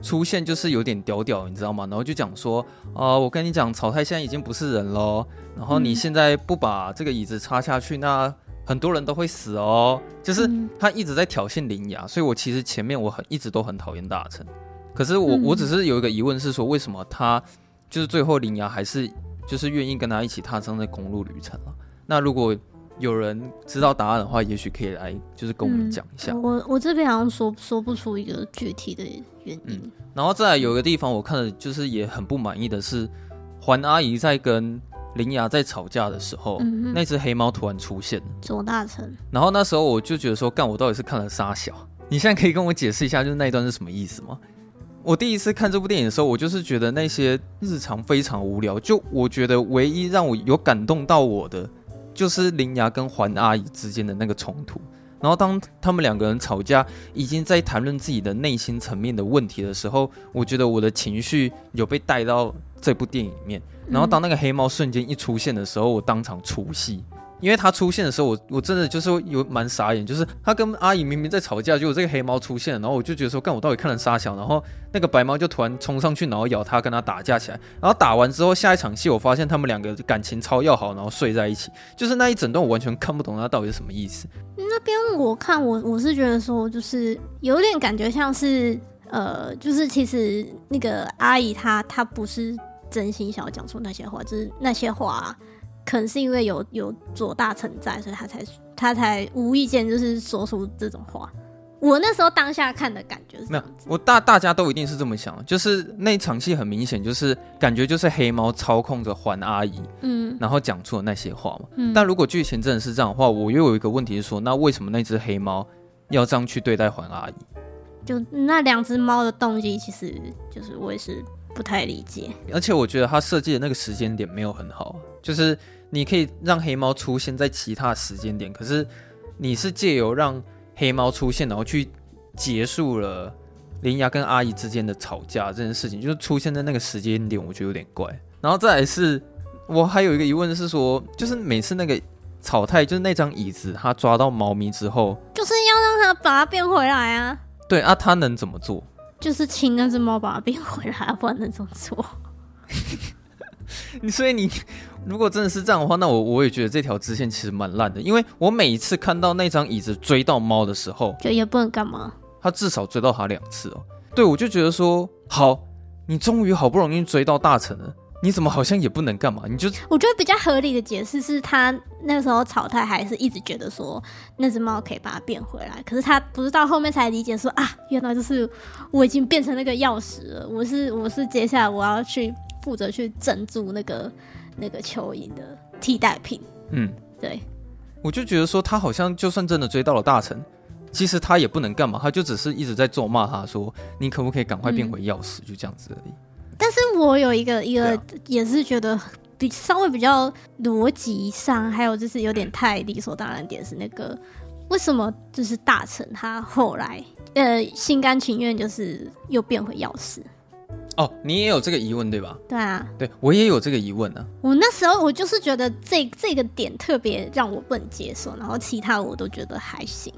出現就是有點屌屌，你知道嗎？然後就講說啊、呃，我跟你講，草太現在已經不是人嘍，然後你現在不把這個椅子插下去，那很多人都會死哦。就是他一直在挑釁鈴芽，所以我其實前面我很一直都很討厭大臣。可是我、嗯、我只是有一個疑問是說，為什麼他？就是最後鈴芽還是就是願意跟他一起踏上這公路旅程了。那如果有人知道答案的話，也許可以來就是跟我們講一下。嗯、我我這邊好像說說不出一個具體的原因。嗯、然後再來有一個地方我看的就是也很不滿意的是，環阿姨在跟鈴芽在吵架的時候，嗯、哼那隻黑貓突然出現。左大臣。然後那時候我就覺得說，幹，我到底是看了殺小？你現在可以跟我解釋一下，就是那一段是什麼意思嗎？我第一次看這部電影的時候，我就是覺得那些日常非常無聊。就我覺得唯一讓我有感動到我的，就是鈴芽跟環阿姨之間的那個衝突。然後當他們兩個人吵架，已經在談論自己的內心層面的問題的時候，我覺得我的情緒有被帶到這部電影裡面。然後當那個黑貓瞬間一出現的時候，我當場出戲。因為他出現的時候我，我我真的就是有蠻傻眼，就是他跟阿姨明明在吵架，結果這個黑貓出現了，然後我就覺得說，幹，我到底看了啥小？然後那個白貓就突然衝上去，然後咬他，跟他打架起來。然後打完之後，下一場戲我發現他們兩個感情超要好，然後睡在一起。就是那一整段我完全看不懂他到底是什麼意思。那邊我看我我是覺得說，就是有點感覺像是，呃，就是其實那個阿姨她她不是真心想要講出那些話，就是那些話啊。可能是因為有有草太存在，所以他才他才無意間就是說出這種話。我那時候當下看的感覺是，那我大大家都一定是這麼想，就是那場戲很明顯就是感覺就是黑貓操控着環阿姨，嗯，然後講出了那些話嘛。嗯，但如果劇情真的是這樣的話，我又有一個問題是說，那為什麼那只黑貓要這樣去對待環阿姨？就那兩只貓的動機，其實就是我也是。不太理解，而且我覺得他設計的那個時間點沒有很好，就是你可以讓黑貓出現在其他時間點，可是你是借由讓黑貓出現，然後去結束了鈴芽跟阿姨之間的吵架這件事情，就是出現在那個時間點，我覺得有點怪。然後再來是，我還有一個疑問是說，就是每次那個草太就是那張椅子，他抓到貓咪之後，就是要讓他把它變回來啊？對啊，他能怎麼做？就是親那只貓，把它變回來，不然那種錯。 [laughs] 所以你如果真的是這樣的話，那我，我也覺得這條支線其實蠻爛的，因為我每一次看到那張椅子追到貓的時候，就也不能幹嘛。他至少追到他兩次哦。對，我就覺得說，好，你終於好不容易追到大臣了。你怎麼好像也不能幹嘛？你就我覺得比較合理的解釋是，他那時候草太還是一直覺得說那隻貓可以把它變回來，可是他不是到後面才理解說啊，原來就是我已經變成那個鑰匙了。我是我是接下來我要去負責去鎮住那個那個蚯蚓的替代品。嗯，對，我就覺得說他好像就算真的追到了大臣，其實他也不能幹嘛，他就只是一直在咒罵他說你可不可以趕快變回鑰匙，嗯、就這樣子而已。但是我有一個一個也是覺得比稍微比較邏輯上，還有就是有點太理所當然點的是那個，為什麼就是大臣他後來呃心甘情願就是又變回要石。哦，你也有這個疑問對吧？對啊，對我也有這個疑問呢啊。我那時候我就是覺得這這個點特別讓我不能接受，然後其他我都覺得還行。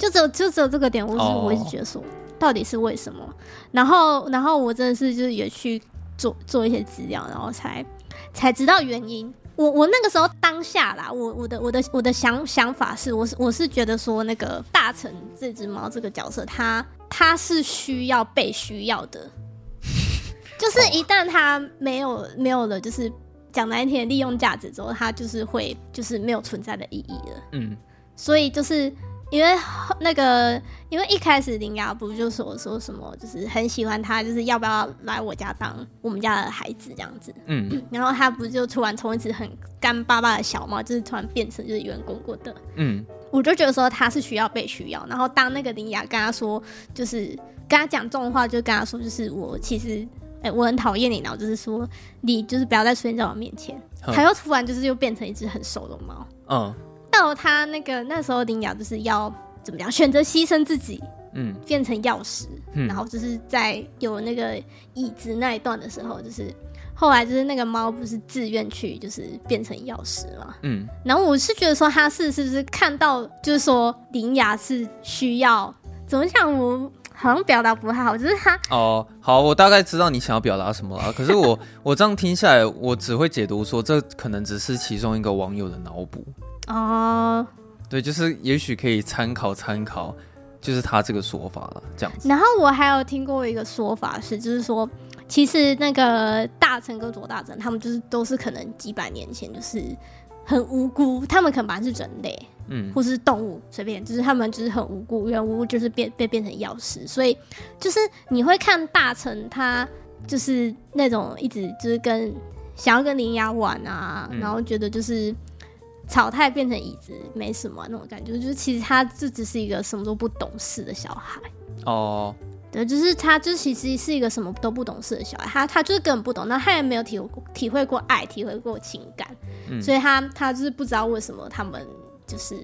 就只有就只有這個點，我是、oh. 我一直覺得說，到底是為什麼？然後然後我真的是就是也去做做一些資料，然後才才知道原因。我我那個時候當下啦，我我的我的我的想想法是，我是我是覺得說，那個大臣這只貓這個角色，它它是需要被需要的， [laughs] 就是一旦它沒有沒有了，就是講難聽點利用價值之後，它就是會就是沒有存在的意義了。嗯，所以就是。因為那個，因為一開始鈴芽不就說說什麼，就是很喜歡他，就是要不要來我家當我們家的孩子這樣子。嗯。然後他不就突然從一隻很乾巴巴的小貓，就是突然變成就是圓滾滾的。嗯。我就覺得說他是需要被需要。然後當那個鈴芽跟他說，就是跟他講這種話，就跟他說就是我其實，哎、欸，我很討厭你，然後就是說你就是不要再出現在我面前。他又呵突然就是又變成一隻很瘦的貓。嗯、哦。到他那個那時候，鈴芽就是要怎麼樣選擇犧牲自己，嗯，變成鑰匙，嗯，然後就是在有那個椅子那一段的時候，就是後來就是那個貓不是自願去就是變成鑰匙嘛，嗯，然後我是覺得說他是是不是看到就是說鈴芽是需要怎麼講？我好像表達不太好，就是他哦。好，我大概知道你想要表達什麼了。可是我 [laughs] 我這樣聽下來，我只會解讀說這可能只是其中一個網友的腦補。哦，oh, 對，就是也許可以參考參考，就是他這個說法了，這樣子。然後我還有聽過一個說法是，就是說，其實那個大臣跟左大臣他們就是都是可能幾百年前就是很無辜，他們可能本來是人類，嗯，或是動物，隨便，就是他們就是很無辜，無緣無故就是變被變成要石。所以就是你會看大臣他就是那種一直就是跟想要跟鈴芽玩啊，嗯、然後覺得就是。草太變成椅子沒什麼、啊、那種感覺，就是其實他這只是一個什麼都不懂事的小孩哦，oh. 對，就是他，就其實是一個什麼都不懂事的小孩，他他就是根本不懂，那他也沒有體會過體會過愛，體會過情感，嗯、所以他他就是不知道為什麼他們就是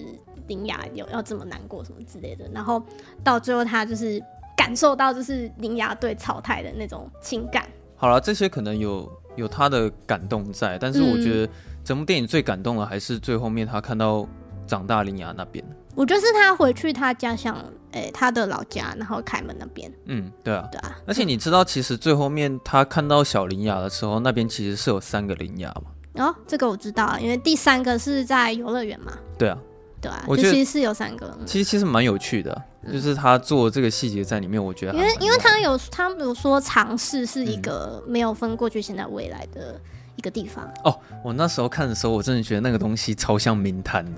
鈴芽有要這麼難過什麼之類的，然後到最後他就是感受到就是鈴芽對草太的那種情感。好了，這些可能有有他的感動在，但是我覺得、嗯。整部電影最感動的還是最後面，他看到長大鈴芽那邊。我就是他回去他家鄉，哎、欸，他的老家，然後開門那邊。嗯，對啊，對啊。而且你知道，其實最後面他看到小鈴芽的時候，嗯、那邊其實是有三個鈴芽嘛。哦，這個我知道，因為第三個是在遊樂園嘛。對啊，對啊，我覺得其實是有三個。其實其實蠻有趣的，就是他做這個細節在裡面，我覺得有趣的，嗯、因為因為他有他比如說，常世是一個沒有分過去、現在、未來的一個地方哦，oh, 我那時候看的時候，我真的覺得那個東西超像冥探的，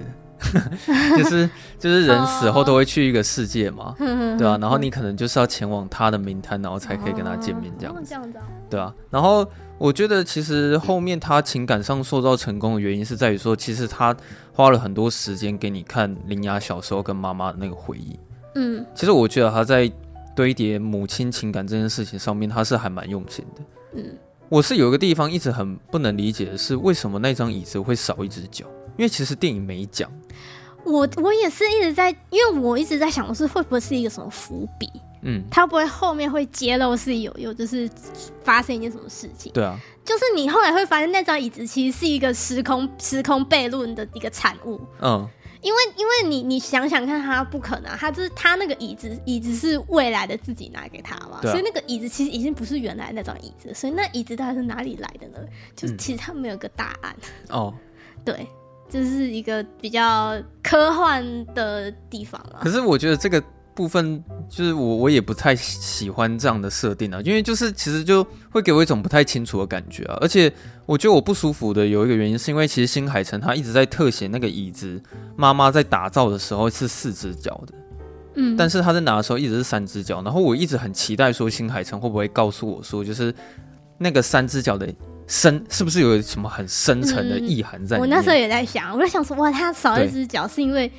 [laughs] 就是就是人死後都會去一個世界嘛， [laughs] oh. 對啊， [laughs] 然後你可能就是要前往他的冥探，然後才可以跟他見面這樣，oh. Oh, 這樣對啊，然後我覺得其實後面他情感上塑造成功的原因是在於說，其實他花了很多時間給你看鈴芽小時候跟媽媽的那個回憶， [laughs] 嗯，其實我覺得他在堆疊母親情感這件事情上面，他是還蠻用心的，嗯。我是有一個地方一直很不能理解的是，為什麼那張椅子會少一隻腳？因為其實電影沒講。我我也是一直在，因為我一直在想，是會不會是一個什麼伏筆？嗯，他會不會後面會揭露是有有，就是發生一件什麼事情？對啊，就是你後來會發現那張椅子其實是一個時空時空悖論的一個產物。嗯。因為因為你你想想看，他不可能、啊，他就是他那個椅子，椅子是未來的自己拿給他嘛，啊，所以那個椅子其實已經不是原來那張椅子，所以那椅子他是哪裡來的呢？就其實他沒有個答案哦，嗯 oh. 對，就是一個比較科幻的地方了，啊。可是我覺得這個。部分就是我，我也不太喜歡這樣的設定啊，因為就是其實就會給我一種不太清楚的感覺啊。而且我覺得我不舒服的有一個原因，是因為其實新海誠他一直在特寫那個椅子媽媽在打造的時候是四只腳的，嗯，但是他在拿的時候一直是三只腳。然後我一直很期待說新海誠會不會告訴我說，就是那個三只腳的深是不是有什麼很深層的意涵在裡面、嗯？我那時候也在想，我在想說哇，他少一只腳是因為。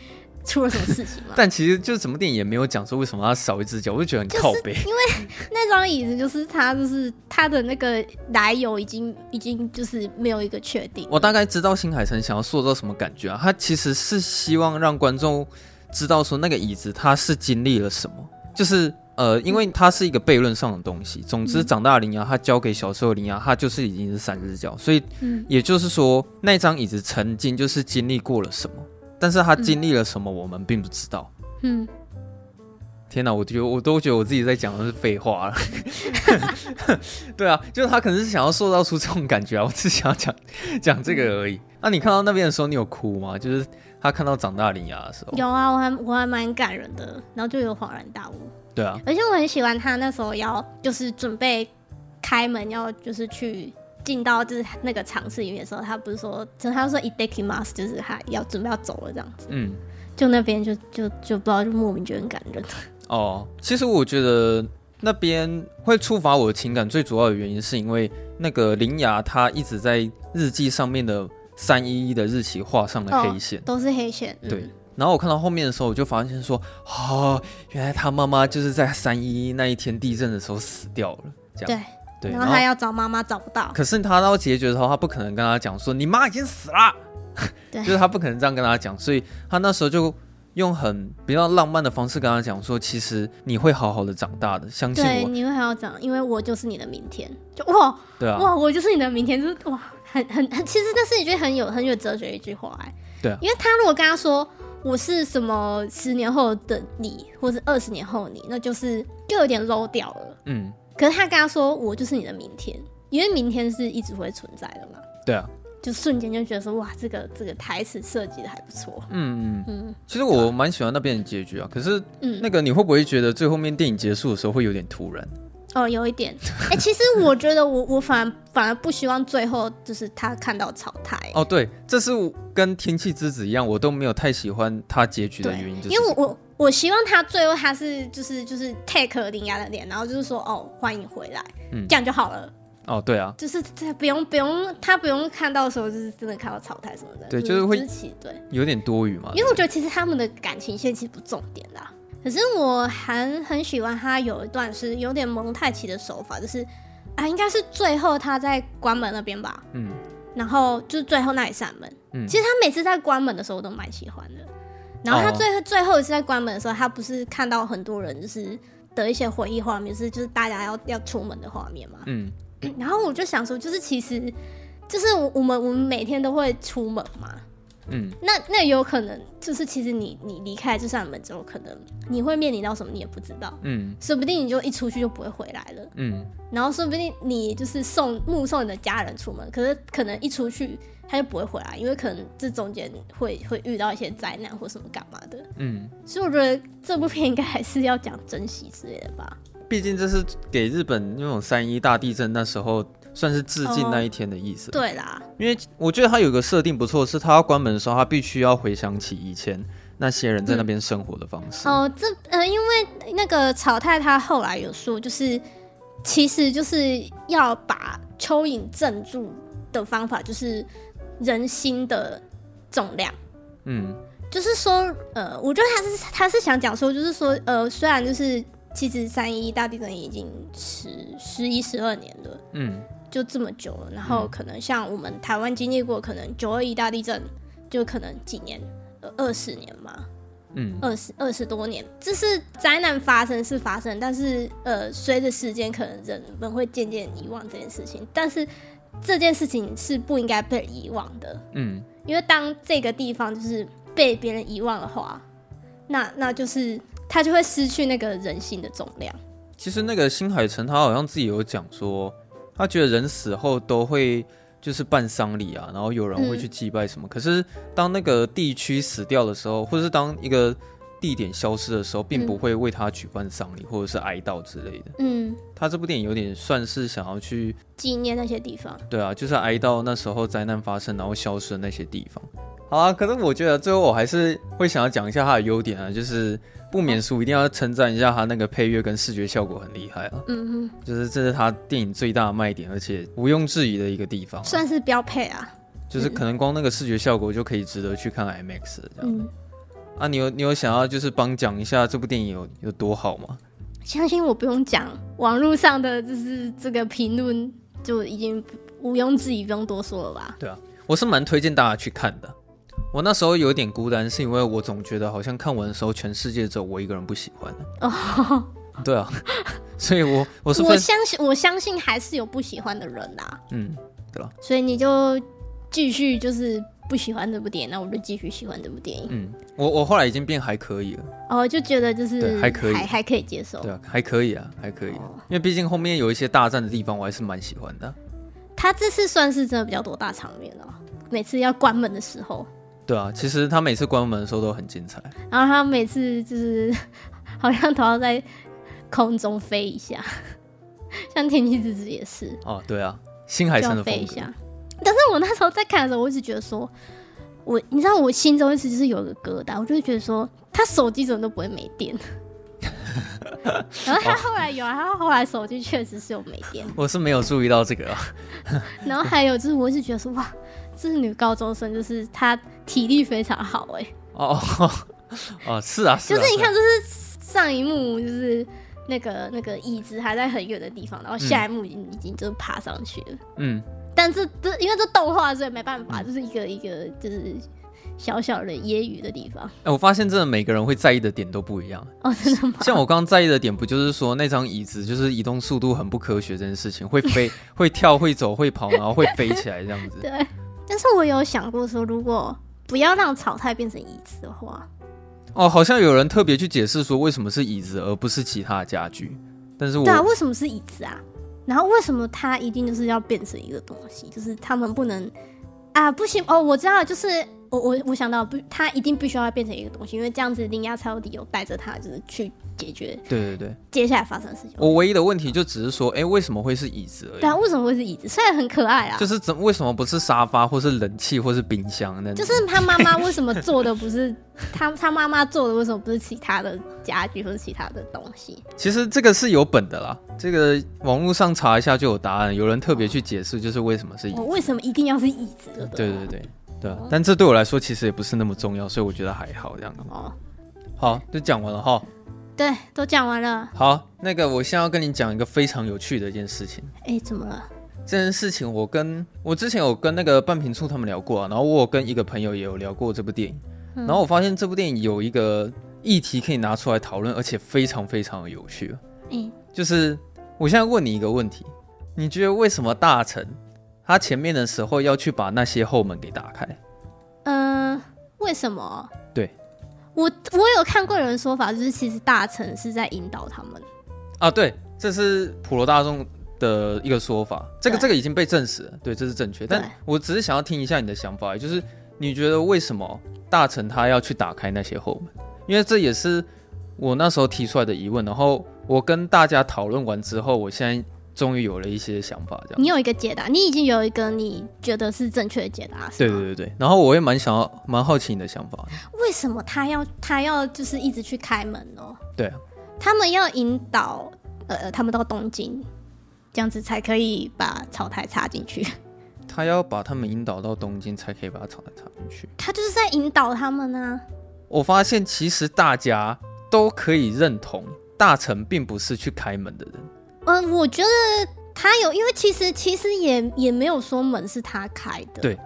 出了什麼事情嗎？ [laughs] 但其實就什麼電影也沒有講說為什麼他少一隻腳，我就覺得很靠北。因為那張椅子就是他，就是他的那個來由已經已經就是沒有一個確定。我大概知道新海誠想要塑造什麼感覺啊，他其實是希望讓觀眾知道說那個椅子它是經歷了什麼，就是呃，因為它是一個悖論上的東西。總之，長大鈴芽他交給小時候鈴芽，他就是已經是三隻腳，所以也就是說那張椅子曾經就是經歷過了什麼。但是他經歷了什麼，我們並不知道。嗯，天哪，我覺得我都覺得我自己在講的是廢話了。 [laughs] 對啊，就是他可能是想要塑造出這種感覺啊，我只想要講講這個而已。那、啊、你看到那邊的時候，你有哭嗎？就是他看到長大鈴芽的時候。有啊，我還我還蠻感人的，然後就有恍然大悟。對啊，而且我很喜歡他那時候要就是準備開門要就是去。進到就是那個場次裡面的時候，他不是說，他就他說 Itekimasu 就是他要準備要走了這樣子。嗯。就那邊就就就不知道，就莫名覺得很感人。哦，其實我覺得那邊會觸發我的情感最主要的原因，是因為那個鈴芽她一直在日記上面的三一一的日期畫上了黑線。哦。都是黑線。嗯、對。然後我看到後面的時候，我就發現說，哦，原來他媽媽就是在三一一那一天地震的時候死掉了。這樣。對。對，然後，然後他要找媽媽找不到，可是他到結局的時候，他不可能跟他講說你媽已經死了， [laughs] 對，就是他不可能這樣跟他講，所以他那時候就用很比較浪漫的方式跟他講說，其實你會好好的長大的，相信我，對，你會好好的長，因為我就是你的明天，就哇，對啊，哇，我就是你的明天，就是哇，很很很，其實那是一句很有很有哲學的一句話哎、欸，對、啊，因為他如果跟他說我是什麼十年後的你，或是二十年後的你，那就是就有點 low 掉了，嗯。可是他跟他說，我就是你的明天，因為明天是一直會存在的嘛。對啊，就瞬間就覺得說，哇，這個這個台詞設計的還不錯。嗯嗯嗯。嗯其實我蠻喜歡那邊的結局啊。對可是那個你會不會覺得最後面電影結束的時候會有點突然？哦，有一點。哎、欸，其實我覺得我我反而 [laughs] 反而不希望最後就是他看到草太。哦，對，這是跟《天氣之子》一樣，我都沒有太喜歡他結局的原因，對就是因為我。我我希望他最後他是就是就是 take 鈴芽的臉，然後就是說，哦，歡迎回來，嗯，這樣就好了。哦，對啊，就是他不用不用他不用看到的時候就是真的看到草太什麼的，對，就是會就是對有點多餘嘛。因為我覺得其實他們的感情線其實不重點啦，對可是我還很喜歡他有一段是有點蒙太奇的手法，就是啊應該是最後他在關門那邊吧，嗯，然後就是最後那一扇門，嗯，其實他每次在關門的時候我都蠻喜歡的。然後他最後、oh. 最後一次在關門的時候，他不是看到很多人就是的一些回憶畫面，就是就是大家要要出門的畫面嘛。嗯，然後我就想說，就是其實，就是我們我們每天都會出門嘛。嗯，那那有可能就是，其實你你離開這扇門之後，可能你會面臨到什麼，你也不知道。嗯，說不定你就一出去就不會回來了。嗯，然後說不定你就是送目送你的家人出門，可是可能一出去他就不會回來，因為可能這中間會會遇到一些災難或什麼幹嘛的。嗯，所以我覺得這部片應該還是要講珍惜之類的吧。畢竟這是給日本那種三一大地震那時候，算是致敬那一天的意思。哦、對啦，因為我覺得他有個設定不錯，是他要關門的時候，他必須要回想起以前那些人在那邊生活的方式。嗯、哦，這呃，因為那個草太他後來有說，就是其實就是要把蚯蚓鎮住的方法，就是人心的重量。嗯，嗯就是說呃，我覺得他是他是想講說，就是說呃，雖然就是其實三一大地震已經十十一十二年了，嗯。就這麼久了，然後可能像我們台灣經歷過，可能九二一大地震，就可能幾年，呃，二十年嘛，嗯，二十二十多年，這是災難發生是發生，但是呃，隨着時間可能人們會漸漸遺忘這件事情，但是這件事情是不應該被遺忘的，嗯，因為當這個地方就是被別人遺忘的話，那那就是他就會失去那個人性的重量。其實那個新海誠他好像自己有講說。他覺得人死後都會就是辦喪禮啊，然後有人會去祭拜什麼。嗯、可是當那個地區死掉的時候，或者是當一個地點消失的時候，並不會為他舉辦喪禮、嗯、或者是哀悼之類的。嗯，他這部電影有點算是想要去紀念那些地方。對啊，就是哀悼那時候災難發生然後消失的那些地方。好啊，可是我覺得最後我還是會想要講一下它的優點啊，就是不免俗、啊、一定要稱讚一下它那個配樂跟視覺效果很厲害啊，嗯嗯哼，就是這是它電影最大的賣點，而且毋庸置疑的一個地方、啊，算是標配啊，就是可能光那個視覺效果就可以值得去看 IMAX 這樣。嗯、啊，你有你有想要就是幫講一下這部電影有有多好嗎？相信我不用講，網絡上的就是這個評論就已經毋庸置疑，不用多說了吧？對啊，我是蠻推薦大家去看的。我那時候有點孤單，是因為我總覺得好像看完的時候，全世界只有我一個人不喜歡。哦，oh. 對啊，所以我我是不是，我相信我相信還是有不喜歡的人啊。嗯，對吧？所以你就繼續就是不喜歡這部電影，那我就繼續喜歡這部電影。嗯，我我後來已經變還可以了。哦，oh, 就覺得就是還，還可以，還還可以接受。對啊，還可以啊，還可以啊。Oh. 因為畢竟後面有一些大戰的地方，我還是蠻喜歡的啊。他這次算是真的比較多大場面了，每次要關門的時候。對啊，其實他每次關門的時候都很精彩。然後他每次就是好像都要在空中飛一下，像天氣之子也是。哦，對啊，新海誠的飛一下。但是我那時候在看的時候，我一直覺得說，我你知道我心中一直就是有一個疙瘩，我就覺得說他手機怎麼都不會沒電。 [laughs] 然後他後來有，啊，後後來手機確實是有沒電。我是沒有注意到這個、啊。 [laughs] 然後還有就是，我一直覺得說哇。這是女高中生，就是她體力非常好哎、欸。哦哦，哦，是啊，是啊。 [laughs] 就是你看，就是上一幕就是那個那個椅子還在很遠的地方，然後下一幕已經、嗯、已經就爬上去了。嗯。但這這因為這動畫所以沒辦法，嗯、就是一個一個就是小小的揶揄的地方。哎、欸，我發現真的每個人會在意的點都不一樣。哦，真的嗎？像我剛剛在意的點，不就是說那張椅子就是移動速度很不科學這件事情，會飛、 [laughs] 會跳、會走、會跑，然後會飛起來這樣子。對。但是我有想過說，如果不要讓草太變成椅子的話，哦，好像有人特別去解釋說，為什麼是椅子而不是其他的家具？但是我，我對啊，為什麼是椅子啊？然後為什麼它一定就是要變成一個東西？就是他們不能啊，不行哦，我知道，就是。我我我想到不，他一定必須要變成一個東西，因為這樣子鈴芽才有理由帶着他就是去解決，對對對，接下來發生的事情。我唯一的問題就只是說，哎、欸，為什麼會是椅子而已？對啊，為什麼會是椅子？雖然很可愛啊，就是怎為什麼不是沙發，或是冷氣，或是冰箱？就是他媽媽為什麼做的不是 [laughs] 他他媽媽做的？為什麼不是其他的家具或者其他的東西？其實這個是有本的啦，這個網絡上查一下就有答案。有人特別去解釋，就是為什麼是椅子、哦，為什麼一定要是椅子對？對對對。對，但這對我來說其實也不是那麼重要，所以我覺得還好這樣的哦。好，就講完了哈。對，都講完了。好，那個我現在要跟你講一個非常有趣的一件事情。哎，怎麼了？這件事情我跟我之前有跟那個半瓶醋他們聊過啊，然後我有跟一個朋友也有聊過這部電影，嗯、然後我發現這部電影有一個議題可以拿出來討論，而且非常非常的有趣。嗯，就是我現在問你一個問題，你覺得為什麼大臣？他前面的時候要去把那些後門給打開，嗯、呃，為什麼？對，我我有看過人的說法，就是其實大臣是在引導他們，啊，對，這是普羅大眾的一個說法，這個對這個已經被證實了，對，這是正確。但我只是想要聽一下你的想法，就是你覺得為什麼大臣他要去打開那些後門？因為這也是我那時候提出來的疑問，然後我跟大家討論完之後，我現在。終於有了一些想法，這樣。你有一個解答，你已經有一個你覺得是正確的解答是，對對對對然後我也蠻想要，蠻好奇你的想法。為什麼他要他要就是一直去開門哦？對啊。他們要引導呃他們到東京，這樣子才可以把草太插進去。他要把他們引導到東京，才可以把草太插進去。他就是在引導他們呢、啊。我發現其實大家都可以認同，大臣並不是去開門的人。嗯、呃，我覺得他有，因為其實其實也也沒有說門是他開的，對，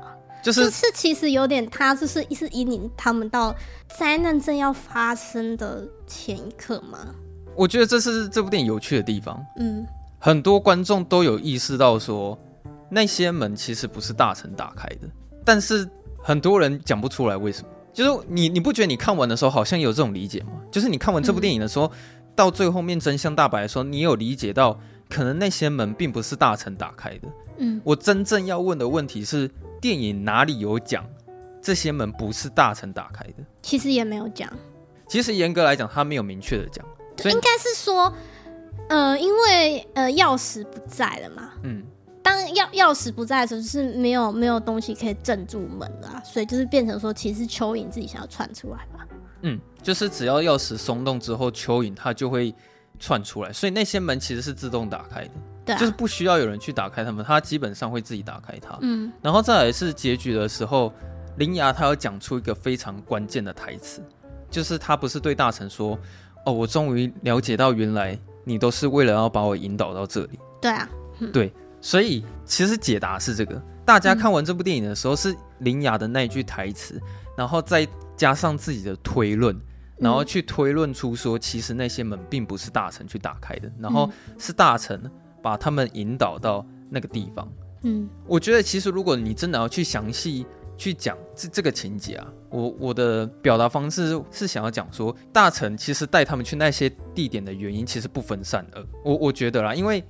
就是是其實有點他就是是引領他們到災難正要發生的前一刻嘛。我覺得這是這部電影有趣的地方。嗯，很多觀眾都有意識到說那些門其實不是大臣打開的，但是很多人講不出來為什麼。就是你你不覺得你看完的時候好像有這種理解嗎？就是你看完這部電影的時候。嗯到最後面真相大白的時候，你有理解到可能那些門並不是大臣打開的。嗯，我真正要問的問題是，電影哪裡有講這些門不是大臣打開的？其實也沒有講。其實嚴格來講，他沒有明確的講。對，所以，應該是說，呃，因為，呃，鑰匙不在了嘛。嗯。當鑰鑰匙不在的時候，就是沒有沒有東西可以鎮住門啦啊。所以就是變成說，其實蚯蚓自己想要竄出來吧。嗯。就是只要鑰匙鬆動之後，蚯蚓它就會竄出來，所以那些門其實是自動打開的，對、啊，就是不需要有人去打開它們，它基本上會自己打開它。嗯，然後再來是結局的時候，鈴芽她要講出一個非常關鍵的台詞，就是她不是對大臣說：“哦，我終於了解到原來你都是為了要把我引導到這裡。”對啊，嗯、對，所以其實解答是這個，大家看完這部電影的時候是鈴芽的那一句台詞，嗯、然後再加上自己的推論。然後去推論出說，其實那些門並不是大臣去打開的，嗯、然後是大臣把他們引導到那個地方。嗯，我覺得其實如果你真的要去詳細去講這這個情節啊，我我的表達方式是想要講說，大臣其實帶他們去那些地點的原因其實不分善惡。我我覺得啦，因為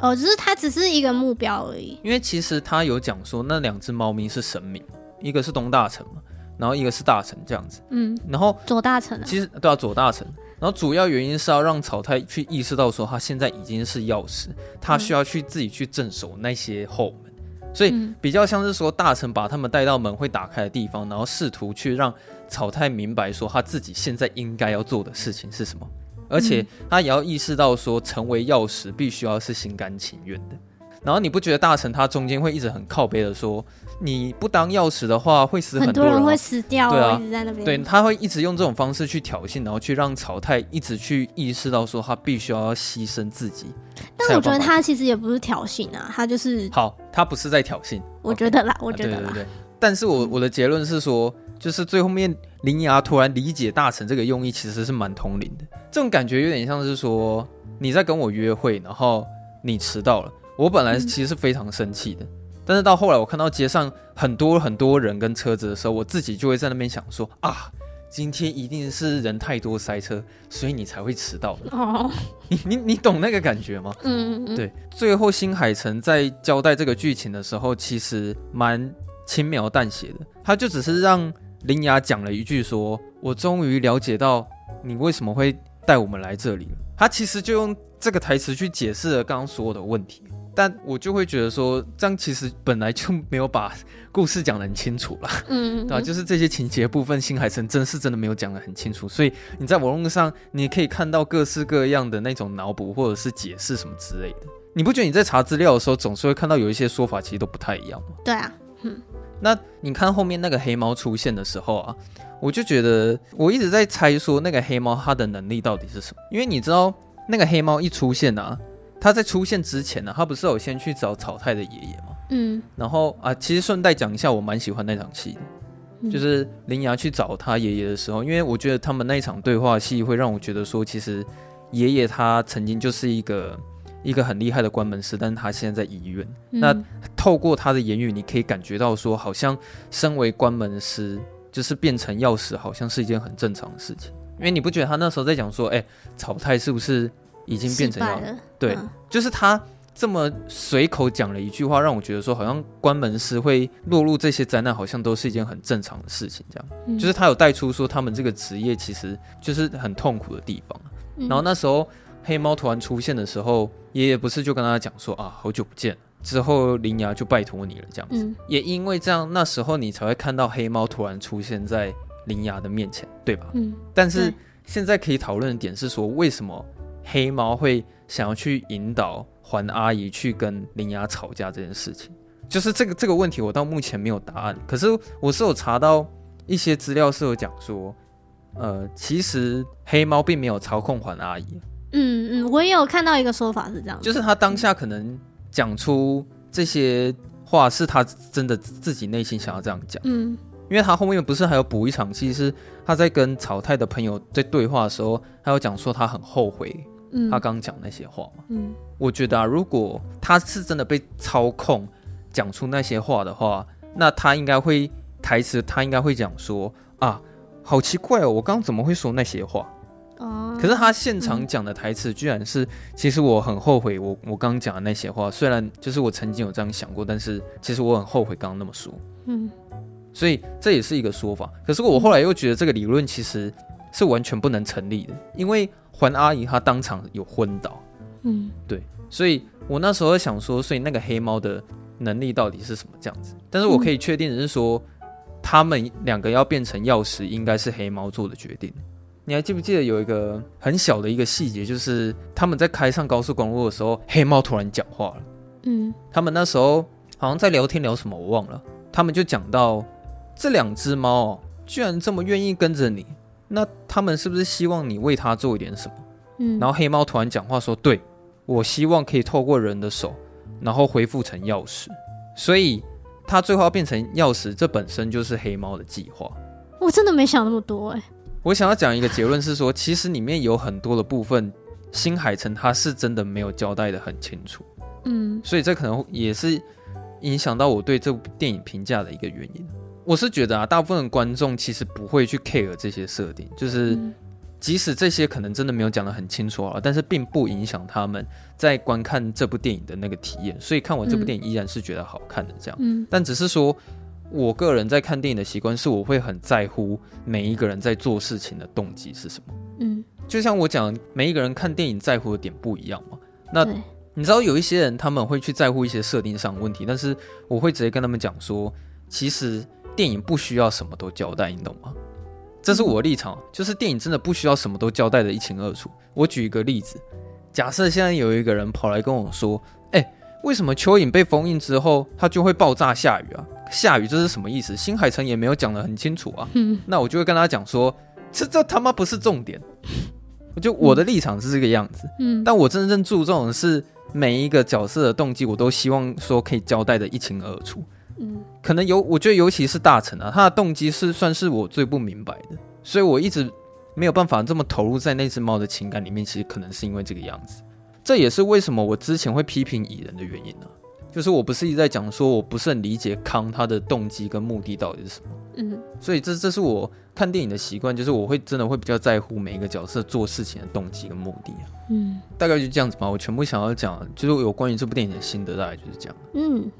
哦，只、就是他只是一個目標而已。因為其實他有講說，那兩隻貓咪是神明，一個是東大臣嘛。然後一個是大臣這樣子，嗯，然後左大臣其實對要、啊、左大臣，然後主要原因是要讓草太去意識到說他現在已經是鑰匙，他需要去自己去鎮守那些後門，嗯、所以比較像是說大臣把他們帶到門會打開的地方，然後試圖去讓草太明白說他自己現在應該要做的事情是什麼，而且他也要意識到說成為鑰匙必須要是心甘情願的。然後你不覺得大臣他中間會一直很靠背的說，你不當要石的話會死很多人、啊、很多人會死掉、哦，啊，一直在那邊，對，他會一直用這種方式去挑釁，然後去讓草太一直去意識到說他必須要犧牲自己。但我覺得他其實也不是挑釁啊，他就是好，他不是在挑釁，我覺得啦，我覺得啦。Okay, 啊、對對對，但是我，我我的結論是說，嗯、就是最後面鈴芽突然理解大臣這個用意其實是蠻通靈的，這種感覺有點像是說你在跟我約會，然後你遲到了。我本來其實是非常生氣的，嗯、但是到後來我看到街上很多很多人跟車子的時候，我自己就會在那邊想說啊，今天一定是人太多塞車，所以你才會遲到的。的、啊、 [laughs] 你你你懂那個感覺嗎？嗯，對。最後新海誠在交代這個劇情的時候，其實蠻輕描淡寫的，他就只是讓鈴芽講了一句說：“我終於了解到你為什麼會帶我們來這裡了。”他其實就用這個台詞去解釋了剛剛所有的問題。但我就會覺得說，這樣其實本來就沒有把故事講得很清楚了，嗯哼，啊， [laughs] 就是這些情節部分，新海誠真是真的沒有講得很清楚，所以你在網絡上，你可以看到各式各樣的那種腦補或者是解釋什麼之類的，你不覺得你在查資料的時候，總是會看到有一些說法其實都不太一樣嗎？對啊，嗯，那你看後面那個黑貓出現的時候啊，我就覺得我一直在猜說那個黑貓它的能力到底是什麼，因為你知道那個黑貓一出現啊。他在出現之前呢、啊，他不是有先去找草太的爺爺嗎？嗯，然後啊，其實順帶講一下，我蠻喜歡那場戲的，嗯、就是鈴芽去找他爺爺的時候，因為我覺得他們那一場對話戲會讓我覺得說，其實爺爺他曾經就是一個一個很厲害的關門師，但是他是現在在醫院，嗯、那透過他的言語，你可以感覺到說，好像身為關門師，就是變成鑰匙，好像是一件很正常的事情，因為你不覺得他那時候在講說，哎、欸，草太是不是？已經變成了對，就是他這麼隨口講了一句話，讓我覺得說好像關門師會落入這些災難，好像都是一件很正常的事情。這樣，就是他有帶出說他們這個職業其實就是很痛苦的地方。然後那時候黑貓突然出現的時候，爺爺不是就跟他講說啊，好久不見。之後鈴芽就拜托你了，這樣子。也因為這樣，那時候你才會看到黑貓突然出現在鈴芽的面前，對吧？但是現在可以討論的點是說，為什麼？黑貓會想要去引導環阿姨去跟鈴芽吵架這件事情，就是這個這個問題，我到目前沒有答案。可是我是有查到一些資料是有講說，呃，其實黑貓並沒有操控環阿姨。嗯嗯，我也有看到一個說法是這樣，就是他當下可能講出這些話是他真的自己內心想要這樣講。嗯，因為他後面不是還有補一場戲，是他在跟草太的朋友在對話的時候，他有講說他很後悔。他剛講那些話，嗯嗯、我覺得啊，如果他是真的被操控講出那些話的話，那他應該會台詞，他應該會講說，啊，好奇怪哦，我剛剛怎麼會說那些話？啊、可是他現場講的台詞居然是，嗯、其實我很後悔我，我我剛講的那些話，雖然就是我曾經有這樣想過，但是其實我很後悔剛剛那麼說。嗯、所以這也是一個說法，可是我後來又覺得這個理論其實是完全不能成立的，因為。環阿姨她當場有昏倒，嗯，對，所以我那時候想說，所以那個黑貓的能力到底是什麼這樣子？但是我可以確定的是說，嗯，他們兩個要變成鑰匙，應該是黑貓做的決定。你還記不記得有一個很小的一個細節，就是他們在開上高速公路的時候，黑貓突然講話了，嗯，他們那時候好像在聊天聊什麼，我忘了，他們就講到這兩隻貓居然這麼願意跟着你。那他們是不是希望你為他做一點什麼？嗯，然後黑貓突然講話說：“對，我希望可以透過人的手，然後恢復成鑰匙。所以他最後變成鑰匙，這本身就是黑貓的計劃。我真的沒想那麼多哎，欸。我想要講一個結論是說，其實裡面有很多的部分，新海誠他是真的沒有交代得很清楚。嗯，所以這可能也是影響到我對這部電影評價的一個原因。”我是覺得啊，大部分的觀眾其實不會去 care 這些設定，就是即使這些可能真的沒有講得很清楚啊，但是並不影響他們在觀看這部電影的那個體驗，所以看完這部電影依然是覺得好看的這樣。但只是說我個人在看電影的習慣是，我會很在乎每一個人在做事情的動機是什麼？嗯，就像我講，每一個人看電影在乎的點不一樣嘛。那對你知道有一些人他們會去在乎一些設定上的問題，但是我會直接跟他們講說，其實。電影不需要什麼都交代，你懂嗎？這是我的立場，就是電影真的不需要什麼都交代的一清二楚。我舉一個例子，假設現在有一個人跑來跟我說：“哎，為什麼蚯蚓被封印之後，它就會爆炸下雨啊？下雨這是什麼意思？新海誠也沒有講得很清楚啊。”嗯，那我就會跟他講說：“這這他媽不是重點。”我就我的立場是這個樣子。嗯，但我真正注重的是每一個角色的動機，我都希望說可以交代的一清二楚。嗯，可能有，我覺得尤其是大臣啊，他的動機是算是我最不明白的，所以我一直沒有辦法這麼投入在那隻貓的情感裡面。其實可能是因為這個樣子，這也是為什麼我之前會批評蟻人的原因呢、啊，就是我不是一直在講，說我不是很理解康他的動機跟目的到底是什麼。嗯，所以這這是我看電影的習慣，就是我會真的會比較在乎每一個角色做事情的動機跟目的啊。嗯，大概就這樣子吧。我全部想要講，就是有關於這部電影的心得，大概就是這樣。嗯，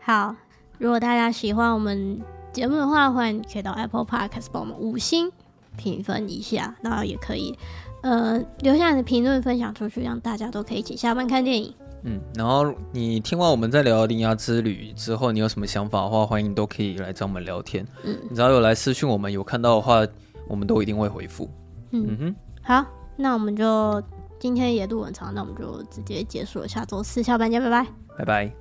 好。如果大家喜歡我們節目的話，歡迎可以到 Apple Podcast 幫我們五星評分一下，那也可以，呃，留下你的評論分享出去，讓大家都可以一起下班看電影。嗯，然後你聽完我們在聊《鈴芽之旅》之後，你有什麼想法的話，歡迎都可以來找我們聊天。嗯，你只要有來私訊我們，有看到的話，我們都一定會回復。嗯，嗯哼，好，那我們就今天也錄完長，那我們就直接結束了。下週四下班見，拜拜，拜拜。